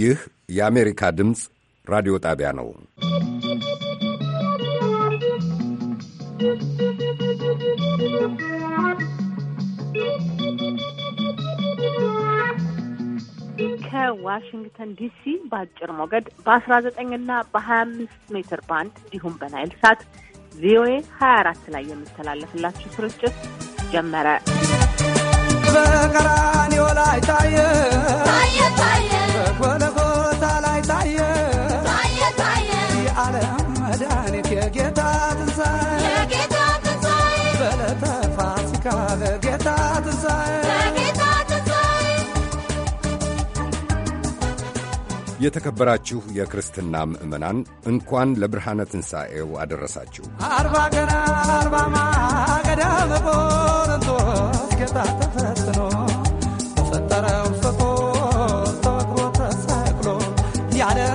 ይህ የአሜሪካ ድምፅ ራዲዮ ጣቢያ ነው። ከዋሽንግተን ዲሲ በአጭር ሞገድ በ19 እና በ25 ሜትር ባንድ እንዲሁም በናይል ሳት ቪኦኤ 24 ላይ የሚተላለፍላችሁ ስርጭት ጀመረ። በቀራንዮ ላይ ታየ ታየ ታየ የተከበራችሁ የክርስትና ምእመናን እንኳን ለብርሃነ ትንሣኤው አደረሳችሁ። አርባ ገና አርባ ማገዳ ጌታ ተፈትኖ ተፈጠረው ሰቶ ተወግሮ ተሰቅሎ ያለ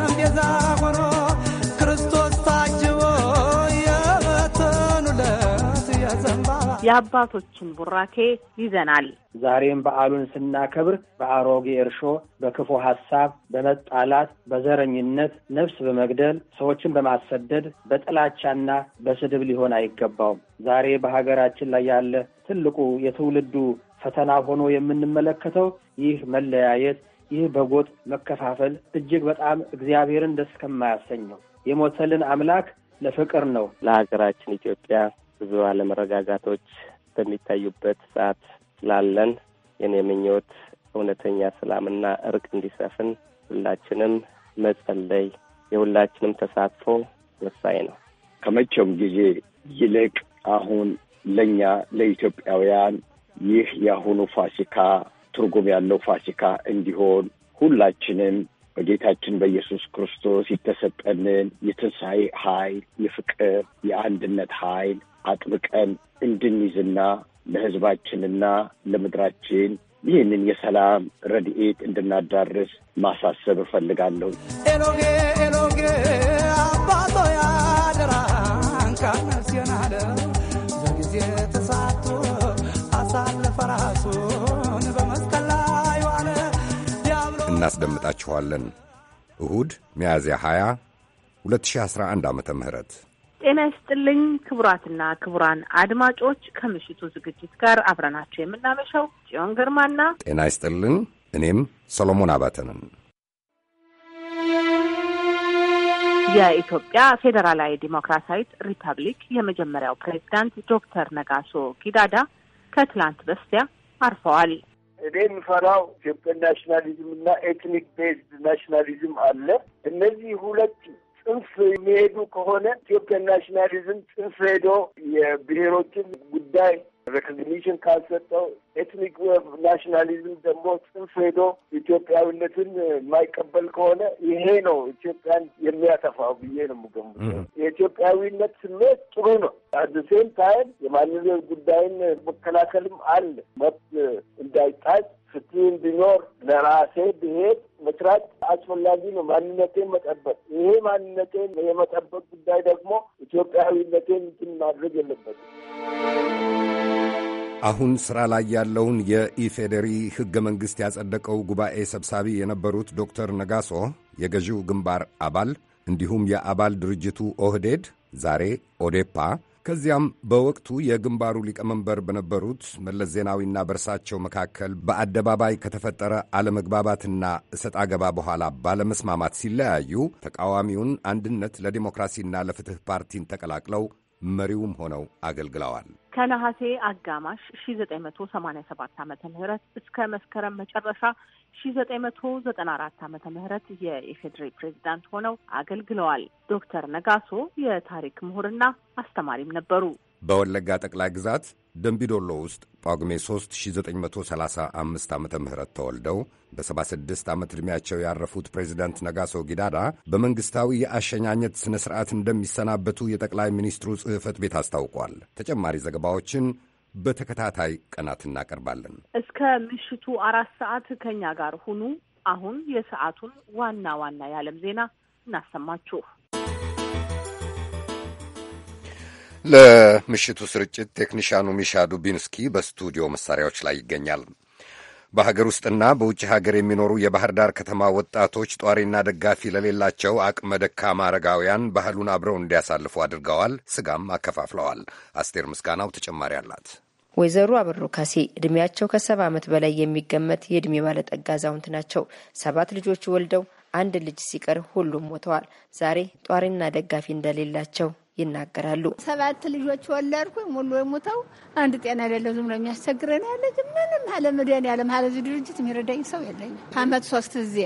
የአባቶችን ቡራኬ ይዘናል። ዛሬም በዓሉን ስናከብር በአሮጌ እርሾ፣ በክፉ ሀሳብ፣ በመጣላት፣ በዘረኝነት፣ ነፍስ በመግደል፣ ሰዎችን በማሰደድ፣ በጥላቻና በስድብ ሊሆን አይገባውም። ዛሬ በሀገራችን ላይ ያለ ትልቁ የትውልዱ ፈተና ሆኖ የምንመለከተው ይህ መለያየት፣ ይህ በጎጥ መከፋፈል እጅግ በጣም እግዚአብሔርን ደስ ከማያሰኝ ነው። የሞተልን አምላክ ለፍቅር ነው። ለሀገራችን ኢትዮጵያ ብዙ አለመረጋጋቶች በሚታዩበት ሰዓት ስላለን የኔ ምኞት እውነተኛ ሰላምና እርቅ እንዲሰፍን ሁላችንም መጸለይ የሁላችንም ተሳትፎ ወሳኝ ነው። ከመቼውም ጊዜ ይልቅ አሁን ለእኛ ለኢትዮጵያውያን ይህ የአሁኑ ፋሲካ ትርጉም ያለው ፋሲካ እንዲሆን ሁላችንም በጌታችን በኢየሱስ ክርስቶስ የተሰጠንን የትንሣኤ ኃይል፣ የፍቅር፣ የአንድነት ኃይል አጥብቀን እንድንይዝና ለህዝባችንና ለምድራችን ይህንን የሰላም ረድኤት እንድናዳርስ ማሳሰብ እፈልጋለሁ። ኤሎጌ ኤሎጌ አባቶ ያደራ ንካናሲዮናለ በጊዜ ተሳቶ አሳለፈ ራሱን በመስቀል ላይ ዋለ። እናስደምጣችኋለን። እሁድ ሚያዝያ 20 2011 ዓመተ ምህረት ጤና ይስጥልኝ ክቡራትና ክቡራን አድማጮች ከምሽቱ ዝግጅት ጋር አብረናቸው የምናመሻው ጽዮን ግርማና ጤና ይስጥልኝ እኔም ሰሎሞን አባተንን የኢትዮጵያ ፌዴራላዊ ዲሞክራሲያዊት ሪፐብሊክ የመጀመሪያው ፕሬዚዳንት ዶክተር ነጋሶ ጊዳዳ ከትላንት በስቲያ አርፈዋል። እኔ የምፈራው ኢትዮጵያ ናሽናሊዝም እና ኤትኒክ ቤዝድ ናሽናሊዝም አለ። እነዚህ ሁለት ጽንፍ የሚሄዱ ከሆነ ኢትዮጵያን ናሽናሊዝም ጽንፍ ሄዶ የብሔሮችን ጉዳይ ሬኮግኒሽን ካልሰጠው ኤትኒክ ናሽናሊዝም ደግሞ ጽንፍ ሄዶ ኢትዮጵያዊነትን የማይቀበል ከሆነ ይሄ ነው ኢትዮጵያን የሚያጠፋው ብዬ ነው የምገምተው። የኢትዮጵያዊነት ስሜት ጥሩ ነው። አደሴም ታይም የማንነት ጉዳይን መከላከልም አለ መብት እንዳይጣጭ ፍትህም ቢኖር ለራሴ ብሄድ መስራት አስፈላጊ ነው። ማንነቴን መጠበቅ ይሄ ማንነቴን የመጠበቅ ጉዳይ ደግሞ ኢትዮጵያዊነቴን እንትን ማድረግ የለበትም። አሁን ሥራ ላይ ያለውን የኢፌዴሪ ሕገ መንግሥት ያጸደቀው ጉባኤ ሰብሳቢ የነበሩት ዶክተር ነጋሶ የገዢው ግንባር አባል እንዲሁም የአባል ድርጅቱ ኦህዴድ ዛሬ ኦዴፓ ከዚያም በወቅቱ የግንባሩ ሊቀመንበር በነበሩት መለስ ዜናዊና በእርሳቸው መካከል በአደባባይ ከተፈጠረ አለመግባባትና እሰጥ አገባ በኋላ ባለመስማማት ሲለያዩ ተቃዋሚውን አንድነት ለዲሞክራሲና ለፍትህ ፓርቲን ተቀላቅለው መሪውም ሆነው አገልግለዋል። ከነሐሴ አጋማሽ ሺ ዘጠኝ መቶ ሰማኒያ ሰባት አመተ ምህረት እስከ መስከረም መጨረሻ ሺ ዘጠኝ መቶ ዘጠና አራት አመተ ምህረት የኢፌዴሪ ፕሬዚዳንት ሆነው አገልግለዋል። ዶክተር ነጋሶ የታሪክ ምሁርና አስተማሪም ነበሩ። በወለጋ ጠቅላይ ግዛት ደንቢዶሎ ውስጥ ጳጉሜ 3 1935 ዓ ም ተወልደው በ76 ዓመት ዕድሜያቸው ያረፉት ፕሬዚደንት ነጋሶ ጊዳዳ በመንግሥታዊ የአሸኛኘት ሥነ ሥርዓት እንደሚሰናበቱ የጠቅላይ ሚኒስትሩ ጽሕፈት ቤት አስታውቋል። ተጨማሪ ዘገባዎችን በተከታታይ ቀናት እናቀርባለን። እስከ ምሽቱ አራት ሰዓት ከእኛ ጋር ሁኑ። አሁን የሰዓቱን ዋና ዋና የዓለም ዜና እናሰማችሁ። ለምሽቱ ስርጭት ቴክኒሻኑ ሚሻ ዱቢንስኪ በስቱዲዮ መሳሪያዎች ላይ ይገኛል። በሀገር ውስጥና በውጭ ሀገር የሚኖሩ የባህር ዳር ከተማ ወጣቶች ጧሪና ደጋፊ ለሌላቸው አቅመ ደካማ አረጋውያን ባህሉን አብረው እንዲያሳልፉ አድርገዋል። ስጋም አከፋፍለዋል። አስቴር ምስጋናው ተጨማሪ አላት። ወይዘሮ አበሮ ካሴ እድሜያቸው ከሰባ ዓመት በላይ የሚገመት የእድሜ ባለጠጋ አዛውንት ናቸው። ሰባት ልጆች ወልደው አንድ ልጅ ሲቀር ሁሉም ሞተዋል። ዛሬ ጧሪና ደጋፊ እንደሌላቸው ይናገራሉ። ሰባት ልጆች ወለድኩኝ። ሙሉ የሙተው አንድ ጤና የሌለው ዝም ብሎ የሚያስቸግረን ያለ ምንም አለ መድን ያለ ማለዚ ድርጅት የሚረዳኝ ሰው የለኝ። አመት ሶስት ጊዜ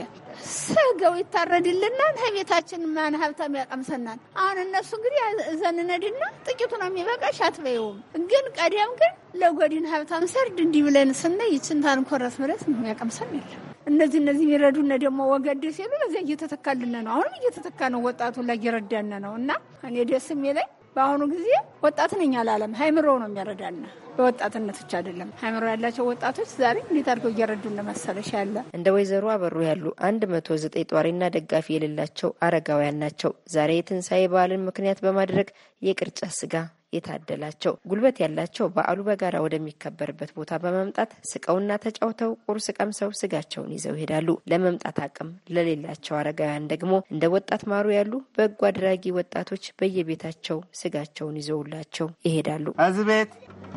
ሰገው ይታረድልናል። ከቤታችን ማን ሀብታም ያቀምሰናል። አሁን እነሱ እንግዲህ ዘንነድና ጥቂቱ ነው የሚበቃሽ አትበይውም። ግን ቀደም ግን ለጎዲን ሀብታም ሰርድ እንዲህ ብለን ስነ ይችን ታንኮረስ ብለት የሚያቀምሰን የለም። እነዚህ እነዚህ የሚረዱነ ደግሞ ወገድ ሲሉ በዚያ እየተተካልነ ነው። አሁንም እየተተካ ነው። ወጣቱ ላይ እየረዳነ ነው እና እኔ ደስ የሚለኝ በአሁኑ ጊዜ ወጣት ነኝ አላለም ሀይምሮ ነው የሚያረዳና በወጣትነት ብቻ አይደለም ሀይምሮ ያላቸው ወጣቶች ዛሬ እንዴት አድርገው እየረዱ እንደመሰለሽ ያለ እንደ ወይዘሮ አበሩ ያሉ አንድ መቶ ዘጠኝ ጧሪና ደጋፊ የሌላቸው አረጋውያን ናቸው። ዛሬ የትንሣኤ በዓልን ምክንያት በማድረግ የቅርጫት ስጋ የታደላቸው ጉልበት ያላቸው በዓሉ በጋራ ወደሚከበርበት ቦታ በመምጣት ስቀውና ተጫውተው ቁርስ ቀምሰው ስጋቸውን ይዘው ይሄዳሉ። ለመምጣት አቅም ለሌላቸው አረጋውያን ደግሞ እንደ ወጣት ማሩ ያሉ በጎ አድራጊ ወጣቶች በየቤታቸው ስጋቸውን ይዘውላቸው ይሄዳሉ። እዚህ ቤት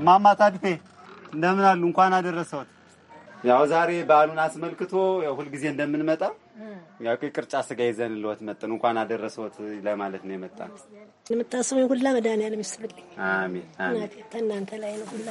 ማማ ታድፌ እንደምን አሉ? እንኳን አደረሰዎት። ያው ዛሬ በዓሉን አስመልክቶ ሁልጊዜ እንደምንመጣ ያው ቅርጫ ስጋ ይዘን ልወት መጥን እንኳን አደረሰዎት ለማለት ነው የመጣ የምታስበኝ ሁላ መድኃኒዓለም ይስጥልኝ። አሜን አሜን። ከእናንተ ላይ ነው ሁላ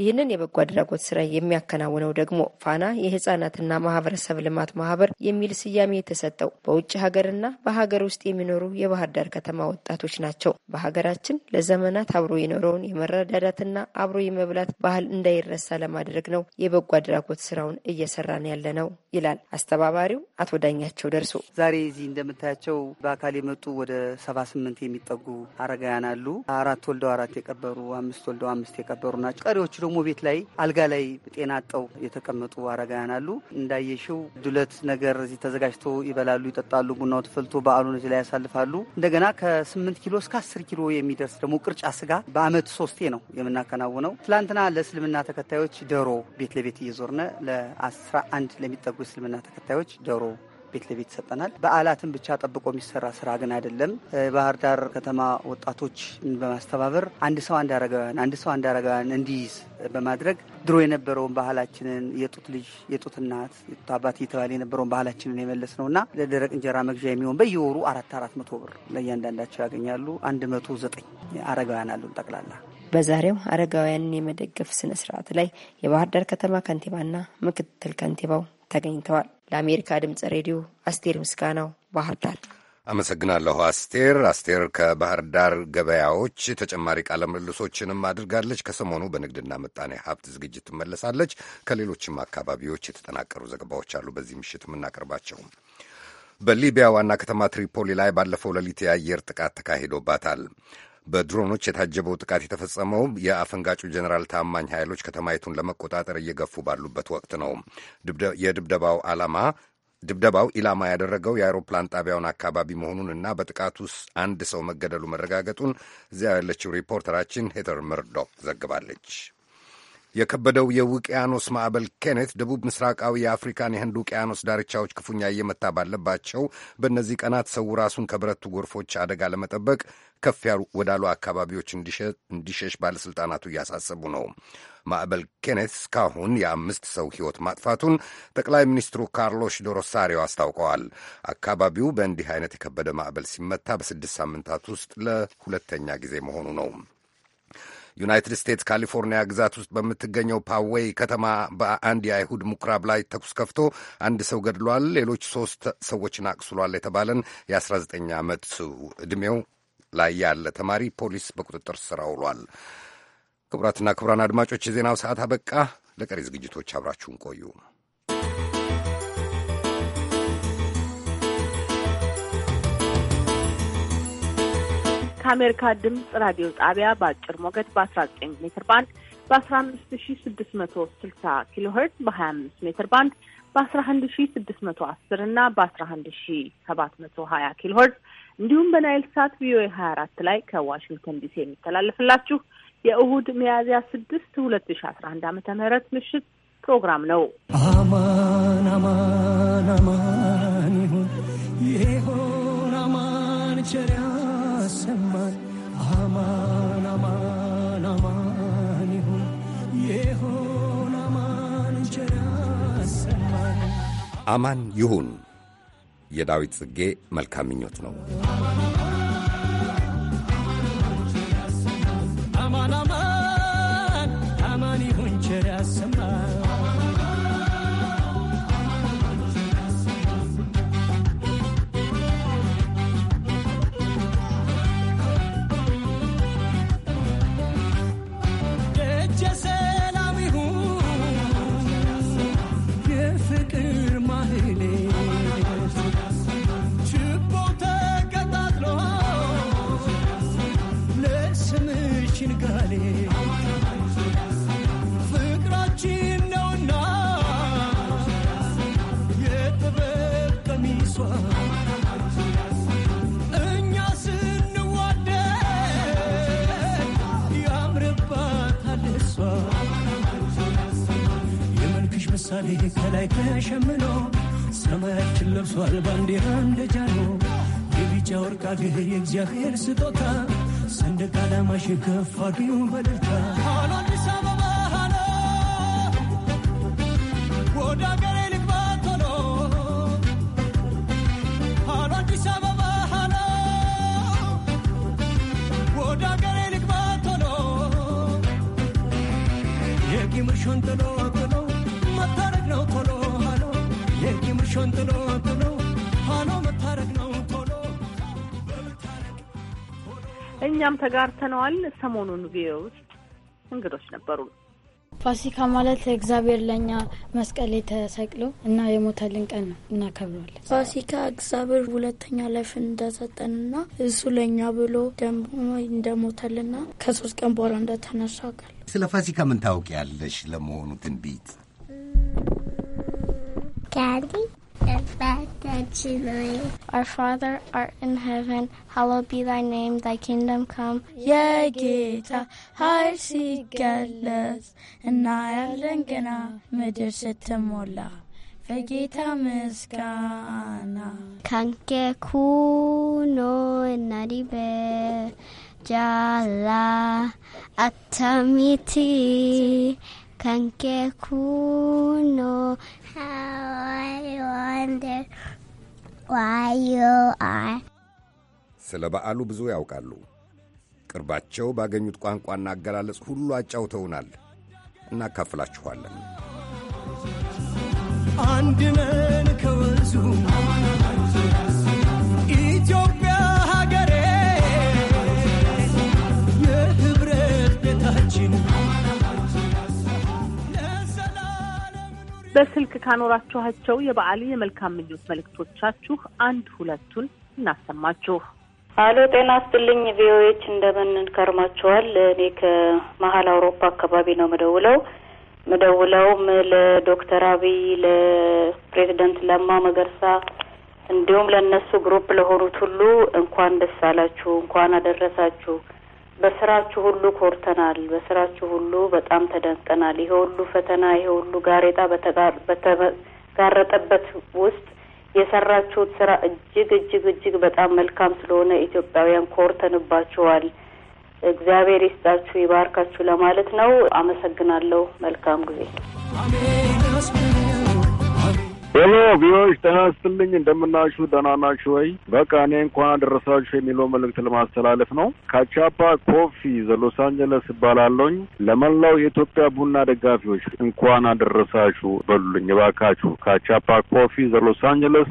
ይህንን የበጎ አድራጎት ስራ የሚያከናውነው ደግሞ ፋና የህጻናትና ማህበረሰብ ልማት ማህበር የሚል ስያሜ የተሰጠው በውጭ ሀገርና በሀገር ውስጥ የሚኖሩ የባህር ዳር ከተማ ወጣቶች ናቸው። በሀገራችን ለዘመናት አብሮ የኖረውን የመረዳዳትና አብሮ የመብላት ባህል እንዳይረሳ ለማድረግ ነው የበጎ አድራጎት ስራውን እየሰራን ያለ ነው ይላል አስተባባሪው አቶ ዳኛቸው ደርሶ። ዛሬ እዚህ እንደምታያቸው በአካል የመጡ ወደ ሰባ ስምንት የሚጠጉ አረጋውያን አሉ። አራት ወልደው አራት የቀበሩ አምስቱ አምስት ወልደው አምስት የቀበሩ ናቸው። ቀሪዎቹ ደግሞ ቤት ላይ አልጋ ላይ ጤና አጠው የተቀመጡ አረጋውያን አሉ። እንዳየሽው ዱለት ነገር እዚህ ተዘጋጅቶ ይበላሉ፣ ይጠጣሉ። ቡናው ተፈልቶ በዓሉን እዚህ ላይ ያሳልፋሉ። እንደገና ከስምንት ኪሎ እስከ አስር ኪሎ የሚደርስ ደግሞ ቅርጫ ስጋ በአመት ሶስቴ ነው የምናከናውነው። ትላንትና ለእስልምና ተከታዮች ዶሮ ቤት ለቤት እየዞርነ ለአስራ አንድ ለሚጠጉ እስልምና ተከታዮች ዶሮ ቤት ለቤት ይሰጠናል። በዓላትን ብቻ ጠብቆ የሚሰራ ስራ ግን አይደለም። ባህር ዳር ከተማ ወጣቶችን በማስተባበር አንድ ሰው አንድ አረጋውያን አንድ ሰው አንድ አረጋውያን እንዲይዝ በማድረግ ድሮ የነበረውን ባህላችንን የጡት ልጅ የጡት እናት የጡት አባት እየተባለ የነበረውን ባህላችንን የመለስ ነው እና ለደረቅ እንጀራ መግዣ የሚሆን በየወሩ አራት አራት መቶ ብር ለእያንዳንዳቸው ያገኛሉ። አንድ መቶ ዘጠኝ አረጋውያን አሉን ጠቅላላ። በዛሬው አረጋውያንን የመደገፍ ስነ ስርዓት ላይ የባህር ዳር ከተማ ከንቲባና ምክትል ከንቲባው ተገኝተዋል። ለአሜሪካ ድምፅ ሬዲዮ አስቴር ምስጋናው ባህር ዳር። አመሰግናለሁ አስቴር። አስቴር ከባህር ዳር ገበያዎች ተጨማሪ ቃለ ምልልሶችንም አድርጋለች። ከሰሞኑ በንግድና ምጣኔ ሀብት ዝግጅት ትመለሳለች። ከሌሎችም አካባቢዎች የተጠናቀሩ ዘገባዎች አሉ በዚህ ምሽት የምናቀርባቸው። በሊቢያ ዋና ከተማ ትሪፖሊ ላይ ባለፈው ሌሊት የአየር ጥቃት ተካሂዶባታል። በድሮኖች የታጀበው ጥቃት የተፈጸመው የአፈንጋጩ ጀኔራል ታማኝ ኃይሎች ከተማይቱን ለመቆጣጠር እየገፉ ባሉበት ወቅት ነው። የድብደባው ዓላማ ድብደባው ኢላማ ያደረገው የአውሮፕላን ጣቢያውን አካባቢ መሆኑን እና በጥቃቱ ውስጥ አንድ ሰው መገደሉ መረጋገጡን እዚያ ያለችው ሪፖርተራችን ሄተር መርዶክ ዘግባለች። የከበደው የውቅያኖስ ማዕበል ኬኔት ደቡብ ምስራቃዊ የአፍሪካን የህንድ ውቅያኖስ ዳርቻዎች ክፉኛ እየመታ ባለባቸው በእነዚህ ቀናት ሰው ራሱን ከብረቱ ጎርፎች አደጋ ለመጠበቅ ከፍ ወዳሉ አካባቢዎች እንዲሸሽ ባለሥልጣናቱ እያሳሰቡ ነው። ማዕበል ኬኔት እስካሁን የአምስት ሰው ሕይወት ማጥፋቱን ጠቅላይ ሚኒስትሩ ካርሎሽ ዶሮሳሪዮ አስታውቀዋል። አካባቢው በእንዲህ አይነት የከበደ ማዕበል ሲመታ በስድስት ሳምንታት ውስጥ ለሁለተኛ ጊዜ መሆኑ ነው። ዩናይትድ ስቴትስ ካሊፎርኒያ ግዛት ውስጥ በምትገኘው ፓዌይ ከተማ በአንድ የአይሁድ ምኩራብ ላይ ተኩስ ከፍቶ አንድ ሰው ገድሏል፣ ሌሎች ሶስት ሰዎችን አቅስሏል የተባለን የ19 ዓመት ዕድሜው ላይ ያለ ተማሪ ፖሊስ በቁጥጥር ስር አውሏል። ክቡራትና ክቡራን አድማጮች የዜናው ሰዓት አበቃ። ለቀሪ ዝግጅቶች አብራችሁን ቆዩ። ከአሜሪካ ድምፅ ራዲዮ ጣቢያ በአጭር ሞገድ በ19 ሜትር ባንድ በ15660 ኪሎ ሄርዝ በ25 ሜትር ባንድ በ11610 እና በ11720 ኪሎ ሄርዝ እንዲሁም በናይል ሳት ቪኦኤ 24 ላይ ከዋሽንግተን ዲሲ የሚተላለፍላችሁ የእሁድ ሚያዝያ 6 2011 ዓመተ ምህረት ምሽት ፕሮግራም ነው። አማን አማን አማን ይሁን ይሁን አማን ቸሪያ አሰማን። አማን አማን አማን ይሁን ይሁን አማን እንጀራ አሰማን። አማን ይሁን የዳዊት ጽጌ መልካም ምኞት ነው። ምሳሌ ከላይ ተሸምኖ ሰማያችን ለብሷል ባንዲራ እንደ ጃኖ የቢጫ ወርቃ አገር የእግዚአብሔር ስጦታ ሰንደቅ ዓላማሽ ከፍ አድርጊው ሸንጥሎ ጥሎ ሆኖ መታረቅ ነው። እኛም ተጋርተነዋል። ሰሞኑን ቪዲዮ ውስጥ እንግዶች ነበሩ። ፋሲካ ማለት እግዚአብሔር ለእኛ መስቀል የተሰቅሎ እና የሞተልን ቀን ነው፣ እናከብረዋለን። ፋሲካ እግዚአብሔር ሁለተኛ ላይፍ እንደሰጠንና እሱ ለእኛ ብሎ ደግሞ እንደሞተልና ከሶስት ቀን በኋላ እንደተነሳ ቃል። ስለ ፋሲካ ምን ታውቂያለሽ? ለመሆኑ ትንቢት ዳዲ Our Father art in heaven, hallowed be thy name, thy kingdom come. Yegita hai si gelles, and I have lingena, midir sitamola, vegita miskana. Kanke kuno nadibe, jala atamiti. kan kuno how I wonder why you are ስለ በዓሉ ብዙ ያውቃሉ። ቅርባቸው ባገኙት ቋንቋና አገላለጽ ሁሉ አጫውተውናል። እናካፍላችኋለን። አንድነን ከወዙ በስልክ ካኖራችኋቸው የበዓል የመልካም ምኞት መልእክቶቻችሁ አንድ ሁለቱን እናሰማችሁ። አሎ፣ ጤና ስትልኝ ቪኦኤች እንደምን ከርማችኋል? እኔ ከመሀል አውሮፓ አካባቢ ነው ምደውለው ምደውለውም ለዶክተር አብይ ለፕሬዚደንት ለማ መገርሳ እንዲሁም ለእነሱ ግሩፕ ለሆኑት ሁሉ እንኳን ደስ አላችሁ፣ እንኳን አደረሳችሁ በስራችሁ ሁሉ ኮርተናል፣ በስራችሁ ሁሉ በጣም ተደንቀናል። ይሄ ሁሉ ፈተና፣ ይሄ ሁሉ ጋሬጣ በተጋረጠበት ውስጥ የሰራችሁት ስራ እጅግ እጅግ እጅግ በጣም መልካም ስለሆነ ኢትዮጵያውያን ኮርተንባችኋል። እግዚአብሔር ይስጣችሁ፣ ይባርካችሁ ለማለት ነው። አመሰግናለሁ። መልካም ጊዜ ሄሎ ቪዎች ጤና ስትልኝ እንደምናችሁ ደህና ናችሁ ወይ? በቃ እኔ እንኳን አደረሳችሁ የሚለው መልእክት ለማስተላለፍ ነው። ካቻፓ ኮፊ ዘሎስ አንጀለስ እባላለሁኝ። ለመላው የኢትዮጵያ ቡና ደጋፊዎች እንኳን አደረሳችሁ በሉልኝ እባካችሁ። ካቻፓ ኮፊ ዘሎስ አንጀለስ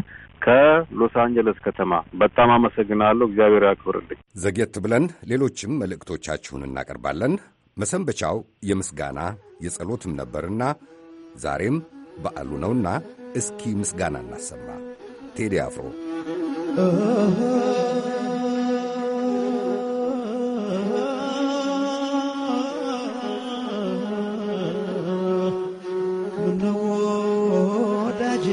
ከሎስ አንጀለስ ከተማ በጣም አመሰግናለሁ። እግዚአብሔር ያክብርልኝ። ዘግየት ብለን ሌሎችም መልእክቶቻችሁን እናቀርባለን። መሰንበቻው የምስጋና የጸሎትም ነበርና ዛሬም በዓሉ ነውና እስኪ ምስጋና እናሰማ። ቴዲ አፍሮ ምነው ወዳጄ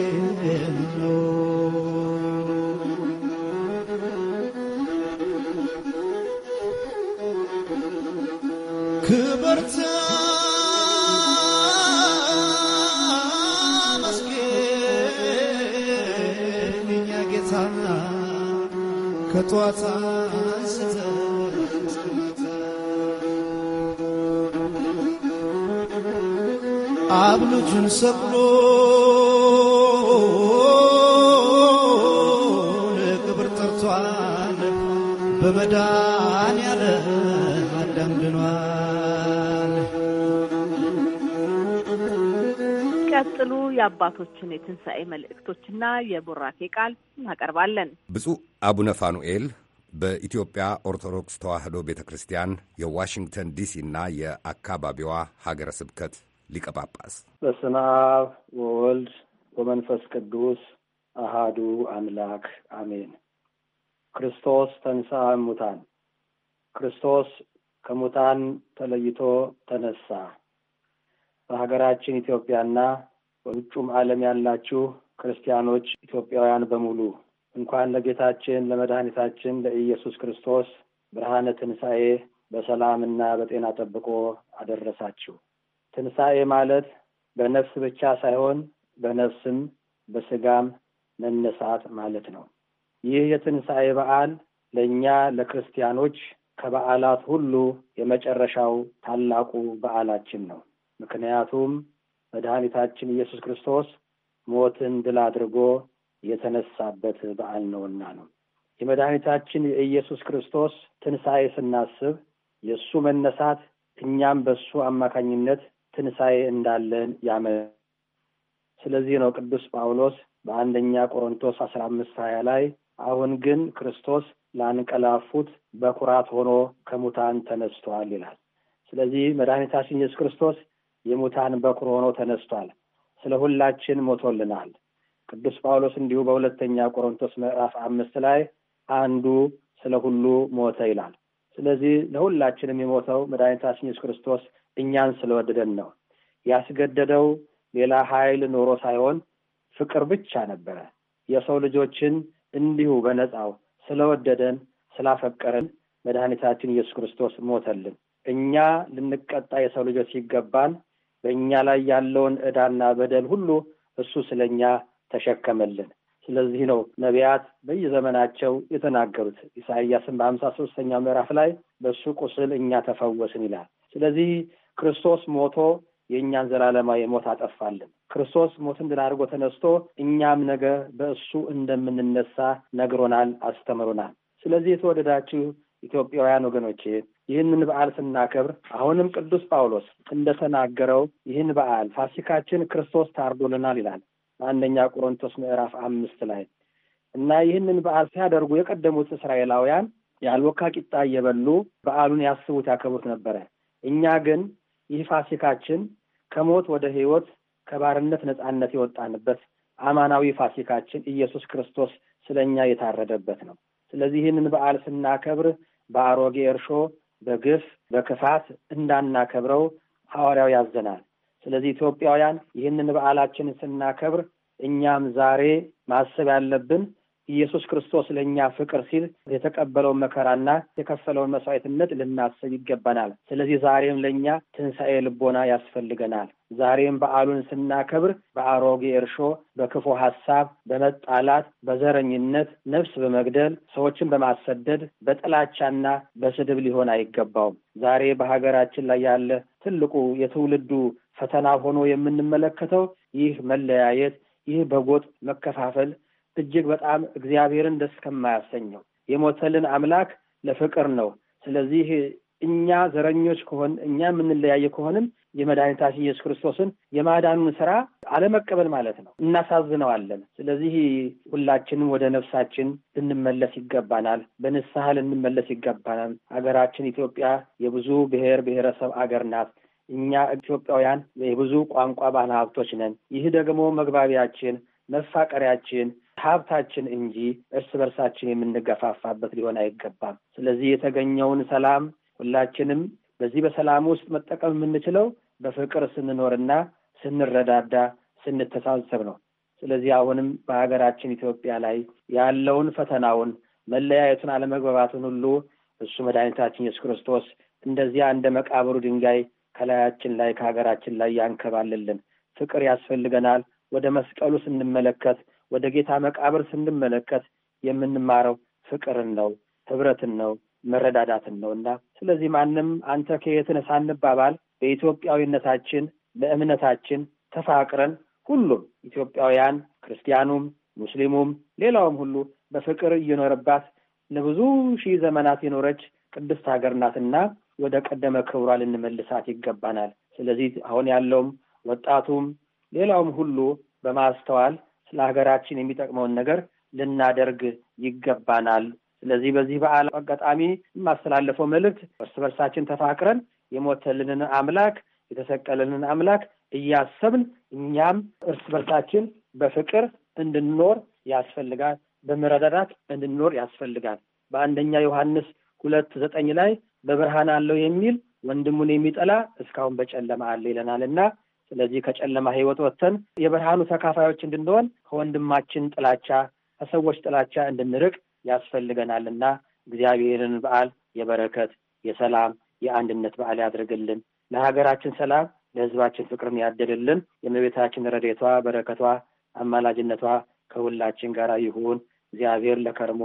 ከጧት አንስተን አብ ልጁን ሰቅሎ ለክብር ጠርቷል። በመዳን ያለ አዳም ድኗል። ቀጥሉ የአባቶችን የትንሣኤ መልእክቶችና የቡራኬ ቃል እናቀርባለን። ብፁዕ አቡነ ፋኑኤል በኢትዮጵያ ኦርቶዶክስ ተዋሕዶ ቤተ ክርስቲያን የዋሽንግተን እና የአካባቢዋ ሀገረ ስብከት ሊቀ ጳጳስ። በስመ አብ ወወልድ ወመንፈስ ቅዱስ አሃዱ አምላክ አሜን። ክርስቶስ ተንሥአ እሙታን፣ ክርስቶስ ከሙታን ተለይቶ ተነሳ። በሀገራችን ኢትዮጵያና በውጩም ዓለም ያላችሁ ክርስቲያኖች ኢትዮጵያውያን በሙሉ እንኳን ለጌታችን ለመድኃኒታችን ለኢየሱስ ክርስቶስ ብርሃነ ትንሣኤ በሰላምና በጤና ጠብቆ አደረሳችሁ። ትንሣኤ ማለት በነፍስ ብቻ ሳይሆን በነፍስም በስጋም መነሳት ማለት ነው። ይህ የትንሣኤ በዓል ለእኛ ለክርስቲያኖች ከበዓላት ሁሉ የመጨረሻው ታላቁ በዓላችን ነው። ምክንያቱም መድኃኒታችን ኢየሱስ ክርስቶስ ሞትን ድል አድርጎ የተነሳበት በዓል ነውና ነው። የመድኃኒታችን የኢየሱስ ክርስቶስ ትንሣኤ ስናስብ የእሱ መነሳት እኛም በእሱ አማካኝነት ትንሣኤ እንዳለን ያመ ስለዚህ ነው ቅዱስ ጳውሎስ በአንደኛ ቆሮንቶስ አስራ አምስት ሀያ ላይ አሁን ግን ክርስቶስ ላንቀላፉት በኩራት ሆኖ ከሙታን ተነስቷል ይላል። ስለዚህ መድኃኒታችን ኢየሱስ ክርስቶስ የሙታን በኩር ሆኖ ተነስቷል። ስለ ሁላችን ሞቶልናል። ቅዱስ ጳውሎስ እንዲሁ በሁለተኛ ቆሮንቶስ ምዕራፍ አምስት ላይ አንዱ ስለ ሁሉ ሞተ ይላል። ስለዚህ ለሁላችንም የሞተው መድኃኒታችን ኢየሱስ ክርስቶስ እኛን ስለወደደን ነው። ያስገደደው ሌላ ኃይል ኖሮ ሳይሆን ፍቅር ብቻ ነበረ። የሰው ልጆችን እንዲሁ በነፃው ስለወደደን ስላፈቀረን መድኃኒታችን ኢየሱስ ክርስቶስ ሞተልን። እኛ ልንቀጣ የሰው ልጆች ሲገባን በእኛ ላይ ያለውን ዕዳና በደል ሁሉ እሱ ስለ እኛ ተሸከመልን። ስለዚህ ነው ነቢያት በየዘመናቸው የተናገሩት። ኢሳይያስን በሀምሳ ሶስተኛው ምዕራፍ ላይ በሱ ቁስል እኛ ተፈወስን ይላል። ስለዚህ ክርስቶስ ሞቶ የእኛን ዘላለማዊ ሞት አጠፋልን። ክርስቶስ ሞትን ድል አድርጎ ተነስቶ እኛም ነገ በእሱ እንደምንነሳ ነግሮናል፣ አስተምሮናል። ስለዚህ የተወደዳችሁ ኢትዮጵያውያን ወገኖቼ ይህንን በዓል ስናከብር አሁንም ቅዱስ ጳውሎስ እንደተናገረው ይህን በዓል ፋሲካችን ክርስቶስ ታርዶልናል ይላል። አንደኛ ቆሮንቶስ ምዕራፍ አምስት ላይ እና ይህንን በዓል ሲያደርጉ የቀደሙት እስራኤላውያን ያልቦካ ቂጣ እየበሉ በዓሉን ያስቡት ያከብሩት ነበረ። እኛ ግን ይህ ፋሲካችን ከሞት ወደ ሕይወት ከባርነት ነፃነት የወጣንበት አማናዊ ፋሲካችን ኢየሱስ ክርስቶስ ስለ እኛ የታረደበት ነው። ስለዚህ ይህንን በዓል ስናከብር በአሮጌ እርሾ፣ በግፍ፣ በክፋት እንዳናከብረው ሐዋርያው ያዘናል። ስለዚህ ኢትዮጵያውያን ይህንን በዓላችንን ስናከብር እኛም ዛሬ ማሰብ ያለብን ኢየሱስ ክርስቶስ ለእኛ ፍቅር ሲል የተቀበለውን መከራና የከፈለውን መስዋዕትነት ልናስብ ይገባናል። ስለዚህ ዛሬም ለእኛ ትንሣኤ ልቦና ያስፈልገናል። ዛሬም በዓሉን ስናከብር በአሮጌ እርሾ፣ በክፉ ሀሳብ በመጣላት፣ በዘረኝነት፣ ነፍስ በመግደል፣ ሰዎችን በማሰደድ፣ በጥላቻና በስድብ ሊሆን አይገባውም። ዛሬ በሀገራችን ላይ ያለ ትልቁ የትውልዱ ፈተና ሆኖ የምንመለከተው ይህ መለያየት፣ ይህ በጎጥ መከፋፈል እጅግ በጣም እግዚአብሔርን ደስ ከማያሰኘው የሞተልን አምላክ ለፍቅር ነው። ስለዚህ እኛ ዘረኞች ከሆን እኛ የምንለያየ ከሆንም የመድኃኒታችን ኢየሱስ ክርስቶስን የማዳኑን ስራ አለመቀበል ማለት ነው። እናሳዝነዋለን። ስለዚህ ሁላችንም ወደ ነፍሳችን ልንመለስ ይገባናል። በንስሐ ልንመለስ ይገባናል። ሀገራችን ኢትዮጵያ የብዙ ብሔር ብሔረሰብ አገር ናት። እኛ ኢትዮጵያውያን የብዙ ቋንቋ ባለ ሀብቶች ነን። ይህ ደግሞ መግባቢያችን፣ መፋቀሪያችን፣ ሀብታችን እንጂ እርስ በርሳችን የምንገፋፋበት ሊሆን አይገባም። ስለዚህ የተገኘውን ሰላም ሁላችንም በዚህ በሰላም ውስጥ መጠቀም የምንችለው በፍቅር ስንኖርና ስንረዳዳ፣ ስንተሳሰብ ነው። ስለዚህ አሁንም በሀገራችን ኢትዮጵያ ላይ ያለውን ፈተናውን፣ መለያየቱን፣ አለመግባባትን ሁሉ እሱ መድኃኒታችን ኢየሱስ ክርስቶስ እንደዚያ እንደ መቃብሩ ድንጋይ ከላያችን ላይ ከሀገራችን ላይ ያንከባልልን። ፍቅር ያስፈልገናል። ወደ መስቀሉ ስንመለከት፣ ወደ ጌታ መቃብር ስንመለከት የምንማረው ፍቅርን ነው፣ ህብረትን ነው፣ መረዳዳትን ነው እና ስለዚህ ማንም አንተ ከየትነ ሳንባባል በኢትዮጵያዊነታችን በእምነታችን ተፋቅረን ሁሉም ኢትዮጵያውያን ክርስቲያኑም፣ ሙስሊሙም፣ ሌላውም ሁሉ በፍቅር እየኖረባት ለብዙ ሺህ ዘመናት የኖረች ቅድስት ሀገር ናትና ወደ ቀደመ ክብሯ ልንመልሳት ይገባናል። ስለዚህ አሁን ያለውም ወጣቱም ሌላውም ሁሉ በማስተዋል ስለ ሀገራችን የሚጠቅመውን ነገር ልናደርግ ይገባናል። ስለዚህ በዚህ በዓል አጋጣሚ የማስተላለፈው መልእክት እርስ በርሳችን ተፋቅረን የሞተልንን አምላክ የተሰቀለንን አምላክ እያሰብን እኛም እርስ በርሳችን በፍቅር እንድንኖር ያስፈልጋል። በመረዳዳት እንድንኖር ያስፈልጋል። በአንደኛ ዮሐንስ ሁለት ዘጠኝ ላይ በብርሃን አለው የሚል ወንድሙን የሚጠላ እስካሁን በጨለማ አለ ይለናል እና ስለዚህ ከጨለማ ህይወት ወጥተን የብርሃኑ ተካፋዮች እንድንሆን ከወንድማችን ጥላቻ ከሰዎች ጥላቻ እንድንርቅ ያስፈልገናል እና እግዚአብሔርን በዓል የበረከት፣ የሰላም፣ የአንድነት በዓል ያድርግልን። ለሀገራችን ሰላም፣ ለህዝባችን ፍቅርን ያደልልን። የመቤታችን ረዴቷ በረከቷ፣ አማላጅነቷ ከሁላችን ጋር ይሁን። እግዚአብሔር ለከርሞ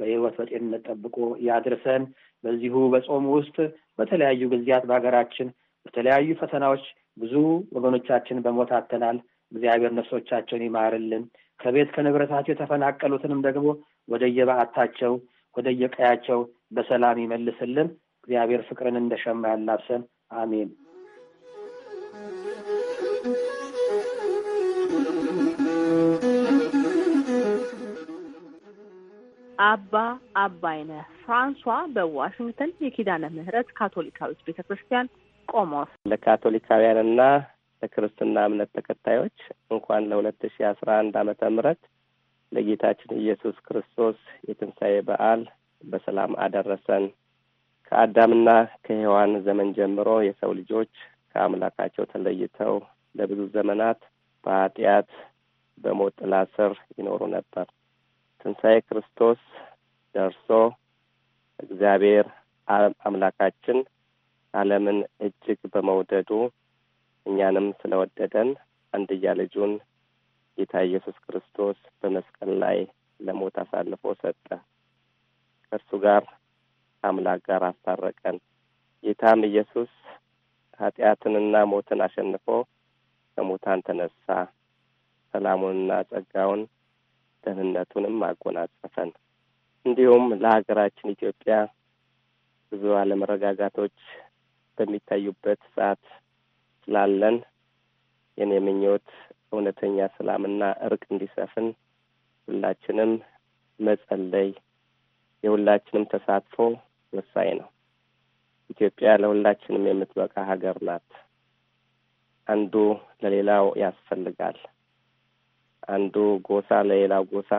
በህይወት በጤንነት ጠብቆ ያድርሰን። በዚሁ በጾም ውስጥ በተለያዩ ጊዜያት በሀገራችን በተለያዩ ፈተናዎች ብዙ ወገኖቻችን በሞት አጥተናል። እግዚአብሔር ነፍሶቻቸውን ይማርልን። ከቤት ከንብረታቸው የተፈናቀሉትንም ደግሞ ወደ የበዓታቸው ወደ የቀያቸው በሰላም ይመልስልን። እግዚአብሔር ፍቅርን እንደ ሸማ ያላብሰን። አሜን። አባ አባይነ ፍራንሷ በዋሽንግተን የኪዳነ ምሕረት ካቶሊካዊት ቤተ ክርስቲያን ቆሞስ። ለካቶሊካውያንና ለክርስትና እምነት ተከታዮች እንኳን ለሁለት ሺ አስራ አንድ አመተ ምህረት ለጌታችን ኢየሱስ ክርስቶስ የትንሣኤ በዓል በሰላም አደረሰን። ከአዳምና ከሔዋን ዘመን ጀምሮ የሰው ልጆች ከአምላካቸው ተለይተው ለብዙ ዘመናት በኃጢአት በሞት ጥላ ስር ይኖሩ ነበር። ትንሣኤ ክርስቶስ ደርሶ እግዚአብሔር አምላካችን ዓለምን እጅግ በመውደዱ እኛንም ስለ ወደደን አንድያ ልጁን ጌታ ኢየሱስ ክርስቶስ በመስቀል ላይ ለሞት አሳልፎ ሰጠ። ከእርሱ ጋር ከአምላክ ጋር አስታረቀን። ጌታም ኢየሱስ ኃጢአትንና ሞትን አሸንፎ ከሙታን ተነሳ። ሰላሙንና ጸጋውን ደህንነቱንም አጎናጸፈን። እንዲሁም ለሀገራችን ኢትዮጵያ ብዙ አለመረጋጋቶች በሚታዩበት ሰዓት ስላለን የኔ ምኞት እውነተኛ ሰላምና እርቅ እንዲሰፍን ሁላችንም መጸለይ የሁላችንም ተሳትፎ ወሳኝ ነው። ኢትዮጵያ ለሁላችንም የምትበቃ ሀገር ናት። አንዱ ለሌላው ያስፈልጋል። አንዱ ጎሳ ለሌላ ጎሳ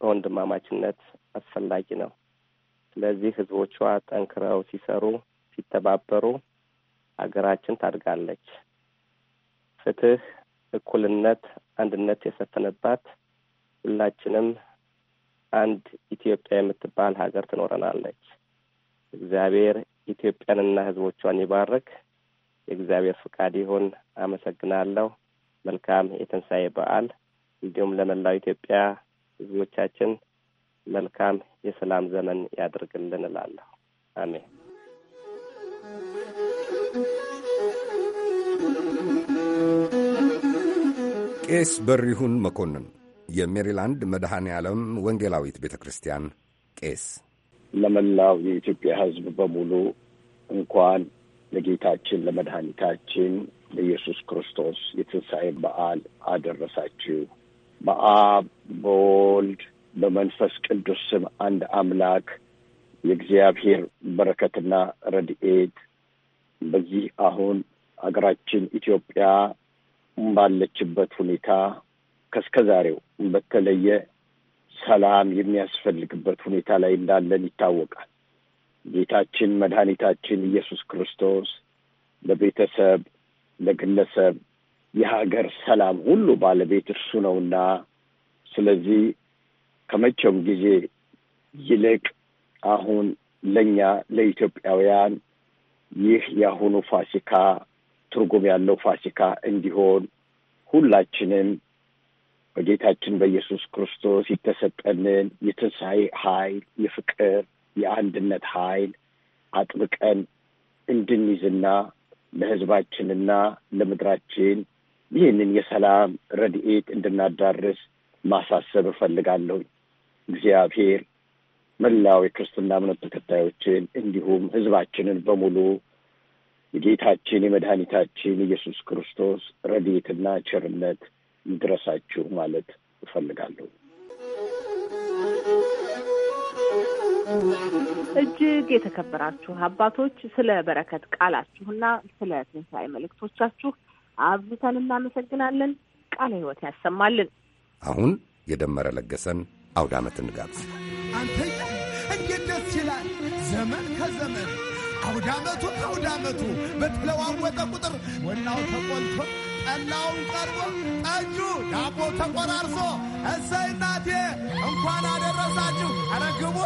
በወንድማማችነት አስፈላጊ ነው። ስለዚህ ህዝቦቿ ጠንክረው ሲሰሩ፣ ሲተባበሩ ሀገራችን ታድጋለች። ፍትህ፣ እኩልነት፣ አንድነት የሰፈነባት ሁላችንም አንድ ኢትዮጵያ የምትባል ሀገር ትኖረናለች። እግዚአብሔር ኢትዮጵያንና ህዝቦቿን ይባርክ። የእግዚአብሔር ፍቃድ ይሁን። አመሰግናለሁ። መልካም የትንሣኤ በዓል እንዲሁም ለመላው ኢትዮጵያ ህዝቦቻችን መልካም የሰላም ዘመን ያድርግልን እላለሁ። አሜን። ቄስ በሪሁን መኮንን የሜሪላንድ መድኃኔ ዓለም ወንጌላዊት ቤተ ክርስቲያን ቄስ። ለመላው የኢትዮጵያ ህዝብ በሙሉ እንኳን ለጌታችን ለመድኃኒታችን ለኢየሱስ ክርስቶስ የትንሣኤ በዓል አደረሳችሁ። በአብ በወልድ በመንፈስ ቅዱስ ስም አንድ አምላክ የእግዚአብሔር በረከትና ረድኤት በዚህ አሁን አገራችን ኢትዮጵያ ባለችበት ሁኔታ ከእስከ ዛሬው በተለየ ሰላም የሚያስፈልግበት ሁኔታ ላይ እንዳለን ይታወቃል። ጌታችን መድኃኒታችን ኢየሱስ ክርስቶስ ለቤተሰብ፣ ለግለሰብ የሀገር ሰላም ሁሉ ባለቤት እርሱ ነውና ስለዚህ ከመቼውም ጊዜ ይልቅ አሁን ለእኛ ለኢትዮጵያውያን ይህ የአሁኑ ፋሲካ ትርጉም ያለው ፋሲካ እንዲሆን ሁላችንም በጌታችን በኢየሱስ ክርስቶስ የተሰጠንን የትንሣኤ ኃይል፣ የፍቅር፣ የአንድነት ኃይል አጥብቀን እንድንይዝና ለሕዝባችንና ለምድራችን ይህንን የሰላም ረድኤት እንድናዳርስ ማሳሰብ እፈልጋለሁ። እግዚአብሔር መላው የክርስትና እምነት ተከታዮችን እንዲሁም ሕዝባችንን በሙሉ የጌታችን የመድኃኒታችን ኢየሱስ ክርስቶስ ረድኤትና ቸርነት ይድረሳችሁ ማለት እፈልጋለሁ። እጅግ የተከበራችሁ አባቶች ስለ በረከት ቃላችሁና ስለ ትንሣኤ መልእክቶቻችሁ አብዝተን እናመሰግናለን። ቃለ ሕይወት ያሰማልን። አሁን የደመረ ለገሰን አውደ ዓመት እንጋብዝ። አንተ እንዴት ደስ ይላል! ዘመን ከዘመን አውደ ዓመቱ ከአውደ ዓመቱ በተለዋወጠ ቁጥር ወናው ተቆልቶ ጠላውን ቀርቦ ጠጁ ዳቦ ተቆራርሶ እሰይ እናቴ እንኳን አደረሳችሁ አረግቡ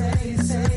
say, say.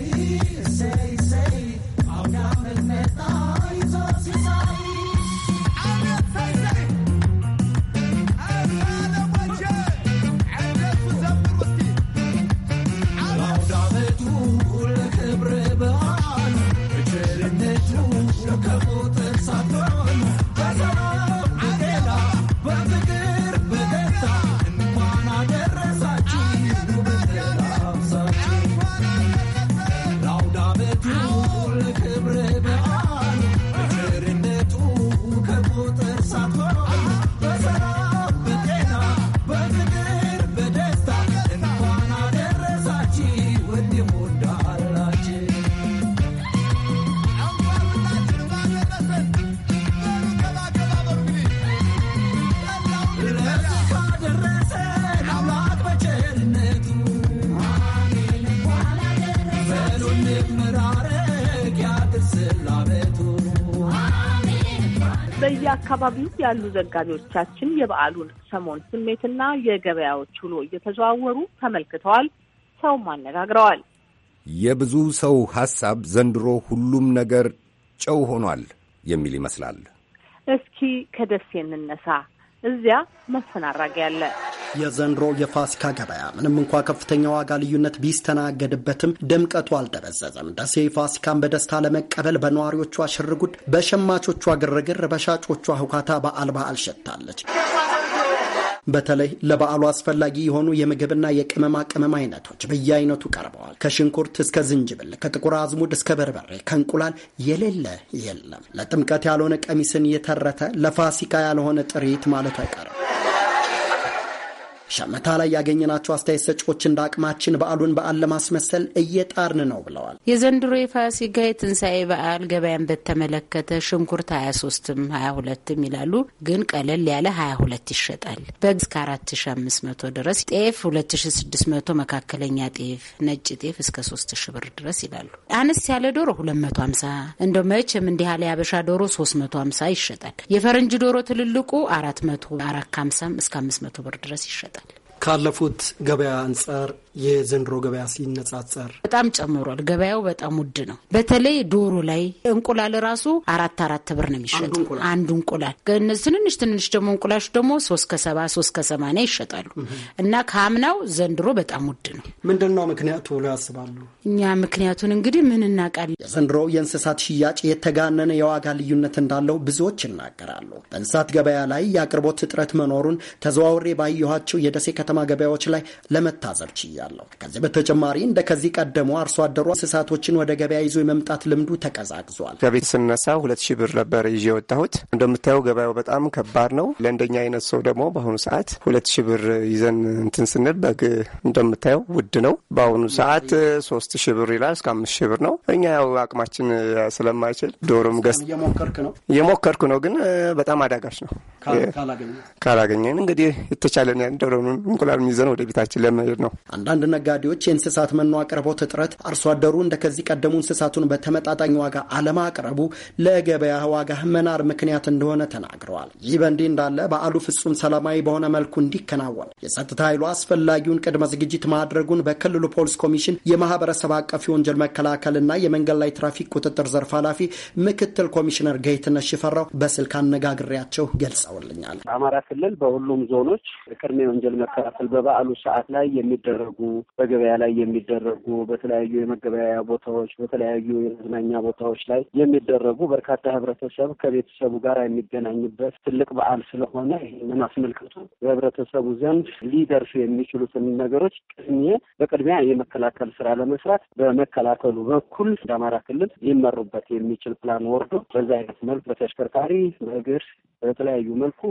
በአካባቢው ያሉ ዘጋቢዎቻችን የበዓሉን ሰሞን ስሜትና የገበያዎች ውሎ እየተዘዋወሩ ተመልክተዋል፣ ሰውም አነጋግረዋል። የብዙ ሰው ሐሳብ ዘንድሮ ሁሉም ነገር ጨው ሆኗል የሚል ይመስላል። እስኪ ከደሴ እንነሳ። እዚያ መስፍን አራጌ የዘንድሮ የፋሲካ ገበያ ምንም እንኳ ከፍተኛ ዋጋ ልዩነት ቢስተናገድበትም ድምቀቱ አልደበዘዘም። ደሴ ፋሲካን በደስታ ለመቀበል በነዋሪዎቿ ሽርጉድ፣ በሸማቾቿ ግርግር፣ በሻጮቿ ሁካታ በዓል በዓል ሸታለች። በተለይ ለበዓሉ አስፈላጊ የሆኑ የምግብና የቅመማ ቅመም አይነቶች በየአይነቱ ቀርበዋል። ከሽንኩርት እስከ ዝንጅብል፣ ከጥቁር አዝሙድ እስከ በርበሬ፣ ከእንቁላል የሌለ የለም። ለጥምቀት ያልሆነ ቀሚስን የተረተ ለፋሲካ ያልሆነ ጥሪት ማለት አይቀርም። ሸመታ ላይ ያገኘናቸው አስተያየት ሰጪዎች እንደ አቅማችን በዓሉን በዓል ለማስመሰል እየጣርን ነው ብለዋል። የዘንድሮ የፋሲካ የትንሣኤ በዓል ገበያን በተመለከተ ሽንኩርት 23ም 22 ትም ይላሉ፣ ግን ቀለል ያለ 22 ይሸጣል። በግ እስከ 4500 ድረስ፣ ጤፍ 2600፣ መካከለኛ ጤፍ፣ ነጭ ጤፍ እስከ 3000 ብር ድረስ ይላሉ። አነስ ያለ ዶሮ 250፣ እንደ መቼም እንዲህ ያለ ያበሻ ዶሮ 350 ይሸጣል። የፈረንጅ ዶሮ ትልልቁ 400፣ 450 እስከ 500 ብር ድረስ ይሸጣል። ካለፉት ገበያ አንጻር የዘንድሮ ገበያ ሲነጻጸር? በጣም ጨምሯል። ገበያው በጣም ውድ ነው። በተለይ ዶሮ ላይ እንቁላል ራሱ አራት አራት ብር ነው የሚሸጥ አንዱ እንቁላል። ትንንሽ ትንንሽ ደግሞ እንቁላሽ ደግሞ ሶስት ከሰባ ሶስት ከሰማንያ ይሸጣሉ እና ከአምናው ዘንድሮ በጣም ውድ ነው። ምንድን ነው ምክንያቱ ብሎ ያስባሉ? እኛ ምክንያቱን እንግዲህ ምን እናውቃለን። ዘንድሮ የእንስሳት ሽያጭ የተጋነነ የዋጋ ልዩነት እንዳለው ብዙዎች ይናገራሉ። በእንስሳት ገበያ ላይ የአቅርቦት እጥረት መኖሩን ተዘዋውሬ ባየኋቸው የደሴ ከተማ ገበያዎች ላይ ለመታዘብ ችያል አሳያለሁ። ከዚህ በተጨማሪ ከዚህ ቀደሙ አርሶ አደሩ እንስሳቶችን ወደ ገበያ ይዞ የመምጣት ልምዱ ተቀዛቅዟል። ከቤት ስነሳ ሁለት ሺህ ብር ነበር ይዤ የወጣሁት። እንደምታየው ገበያው በጣም ከባድ ነው። ለእንደኛ አይነት ሰው ደግሞ በአሁኑ ሰዓት ሁለት ሺህ ብር ይዘን እንትን ስንል በግ እንደምታየው ውድ ነው። በአሁኑ ሰዓት ሶስት ሺህ ብር ይላል እስከ አምስት ሺህ ብር ነው። እኛ ያው አቅማችን ስለማይችል ዶሮም ገስ እየሞከርኩ ነው፣ ግን በጣም አዳጋች ነው። ካላገኘን እንግዲህ የተቻለን ዶሮን እንቁላል ይዘን ወደ ቤታችን ለመሄድ ነው። አንዳንድ ነጋዴዎች የእንስሳት መኖ አቅርቦት እጥረት አርሶ አደሩ ከዚህ ቀደሙ እንስሳቱን በተመጣጣኝ ዋጋ አለማቅረቡ ለገበያ ዋጋ መናር ምክንያት እንደሆነ ተናግረዋል። ይህ በእንዲህ እንዳለ በዓሉ ፍጹም ሰላማዊ በሆነ መልኩ እንዲከናወን የጸጥታ ኃይሉ አስፈላጊውን ቅድመ ዝግጅት ማድረጉን በክልሉ ፖሊስ ኮሚሽን የማህበረሰብ አቀፍ የወንጀል መከላከልና የመንገድ ላይ ትራፊክ ቁጥጥር ዘርፍ ኃላፊ ምክትል ኮሚሽነር ጌትነት ሽፈራው በስልክ አነጋግሬያቸው ገልጸውልኛል። በአማራ ክልል በሁሉም ዞኖች ቅድመ የወንጀል መከላከል በበዓሉ ሰዓት ላይ የሚደረጉ በገበያ ላይ የሚደረጉ በተለያዩ የመገበያያ ቦታዎች፣ በተለያዩ የመዝናኛ ቦታዎች ላይ የሚደረጉ በርካታ ህብረተሰብ ከቤተሰቡ ጋር የሚገናኝበት ትልቅ በዓል ስለሆነ ይህንን አስመልክቶ በህብረተሰቡ ዘንድ ሊደርሱ የሚችሉትን ነገሮች ቅድሜ በቅድሚያ የመከላከል ስራ ለመስራት በመከላከሉ በኩል እንደ አማራ ክልል ሊመሩበት የሚችል ፕላን ወርዶ በዛ አይነት መልክ በተሽከርካሪ በእግር በተለያዩ መልኩ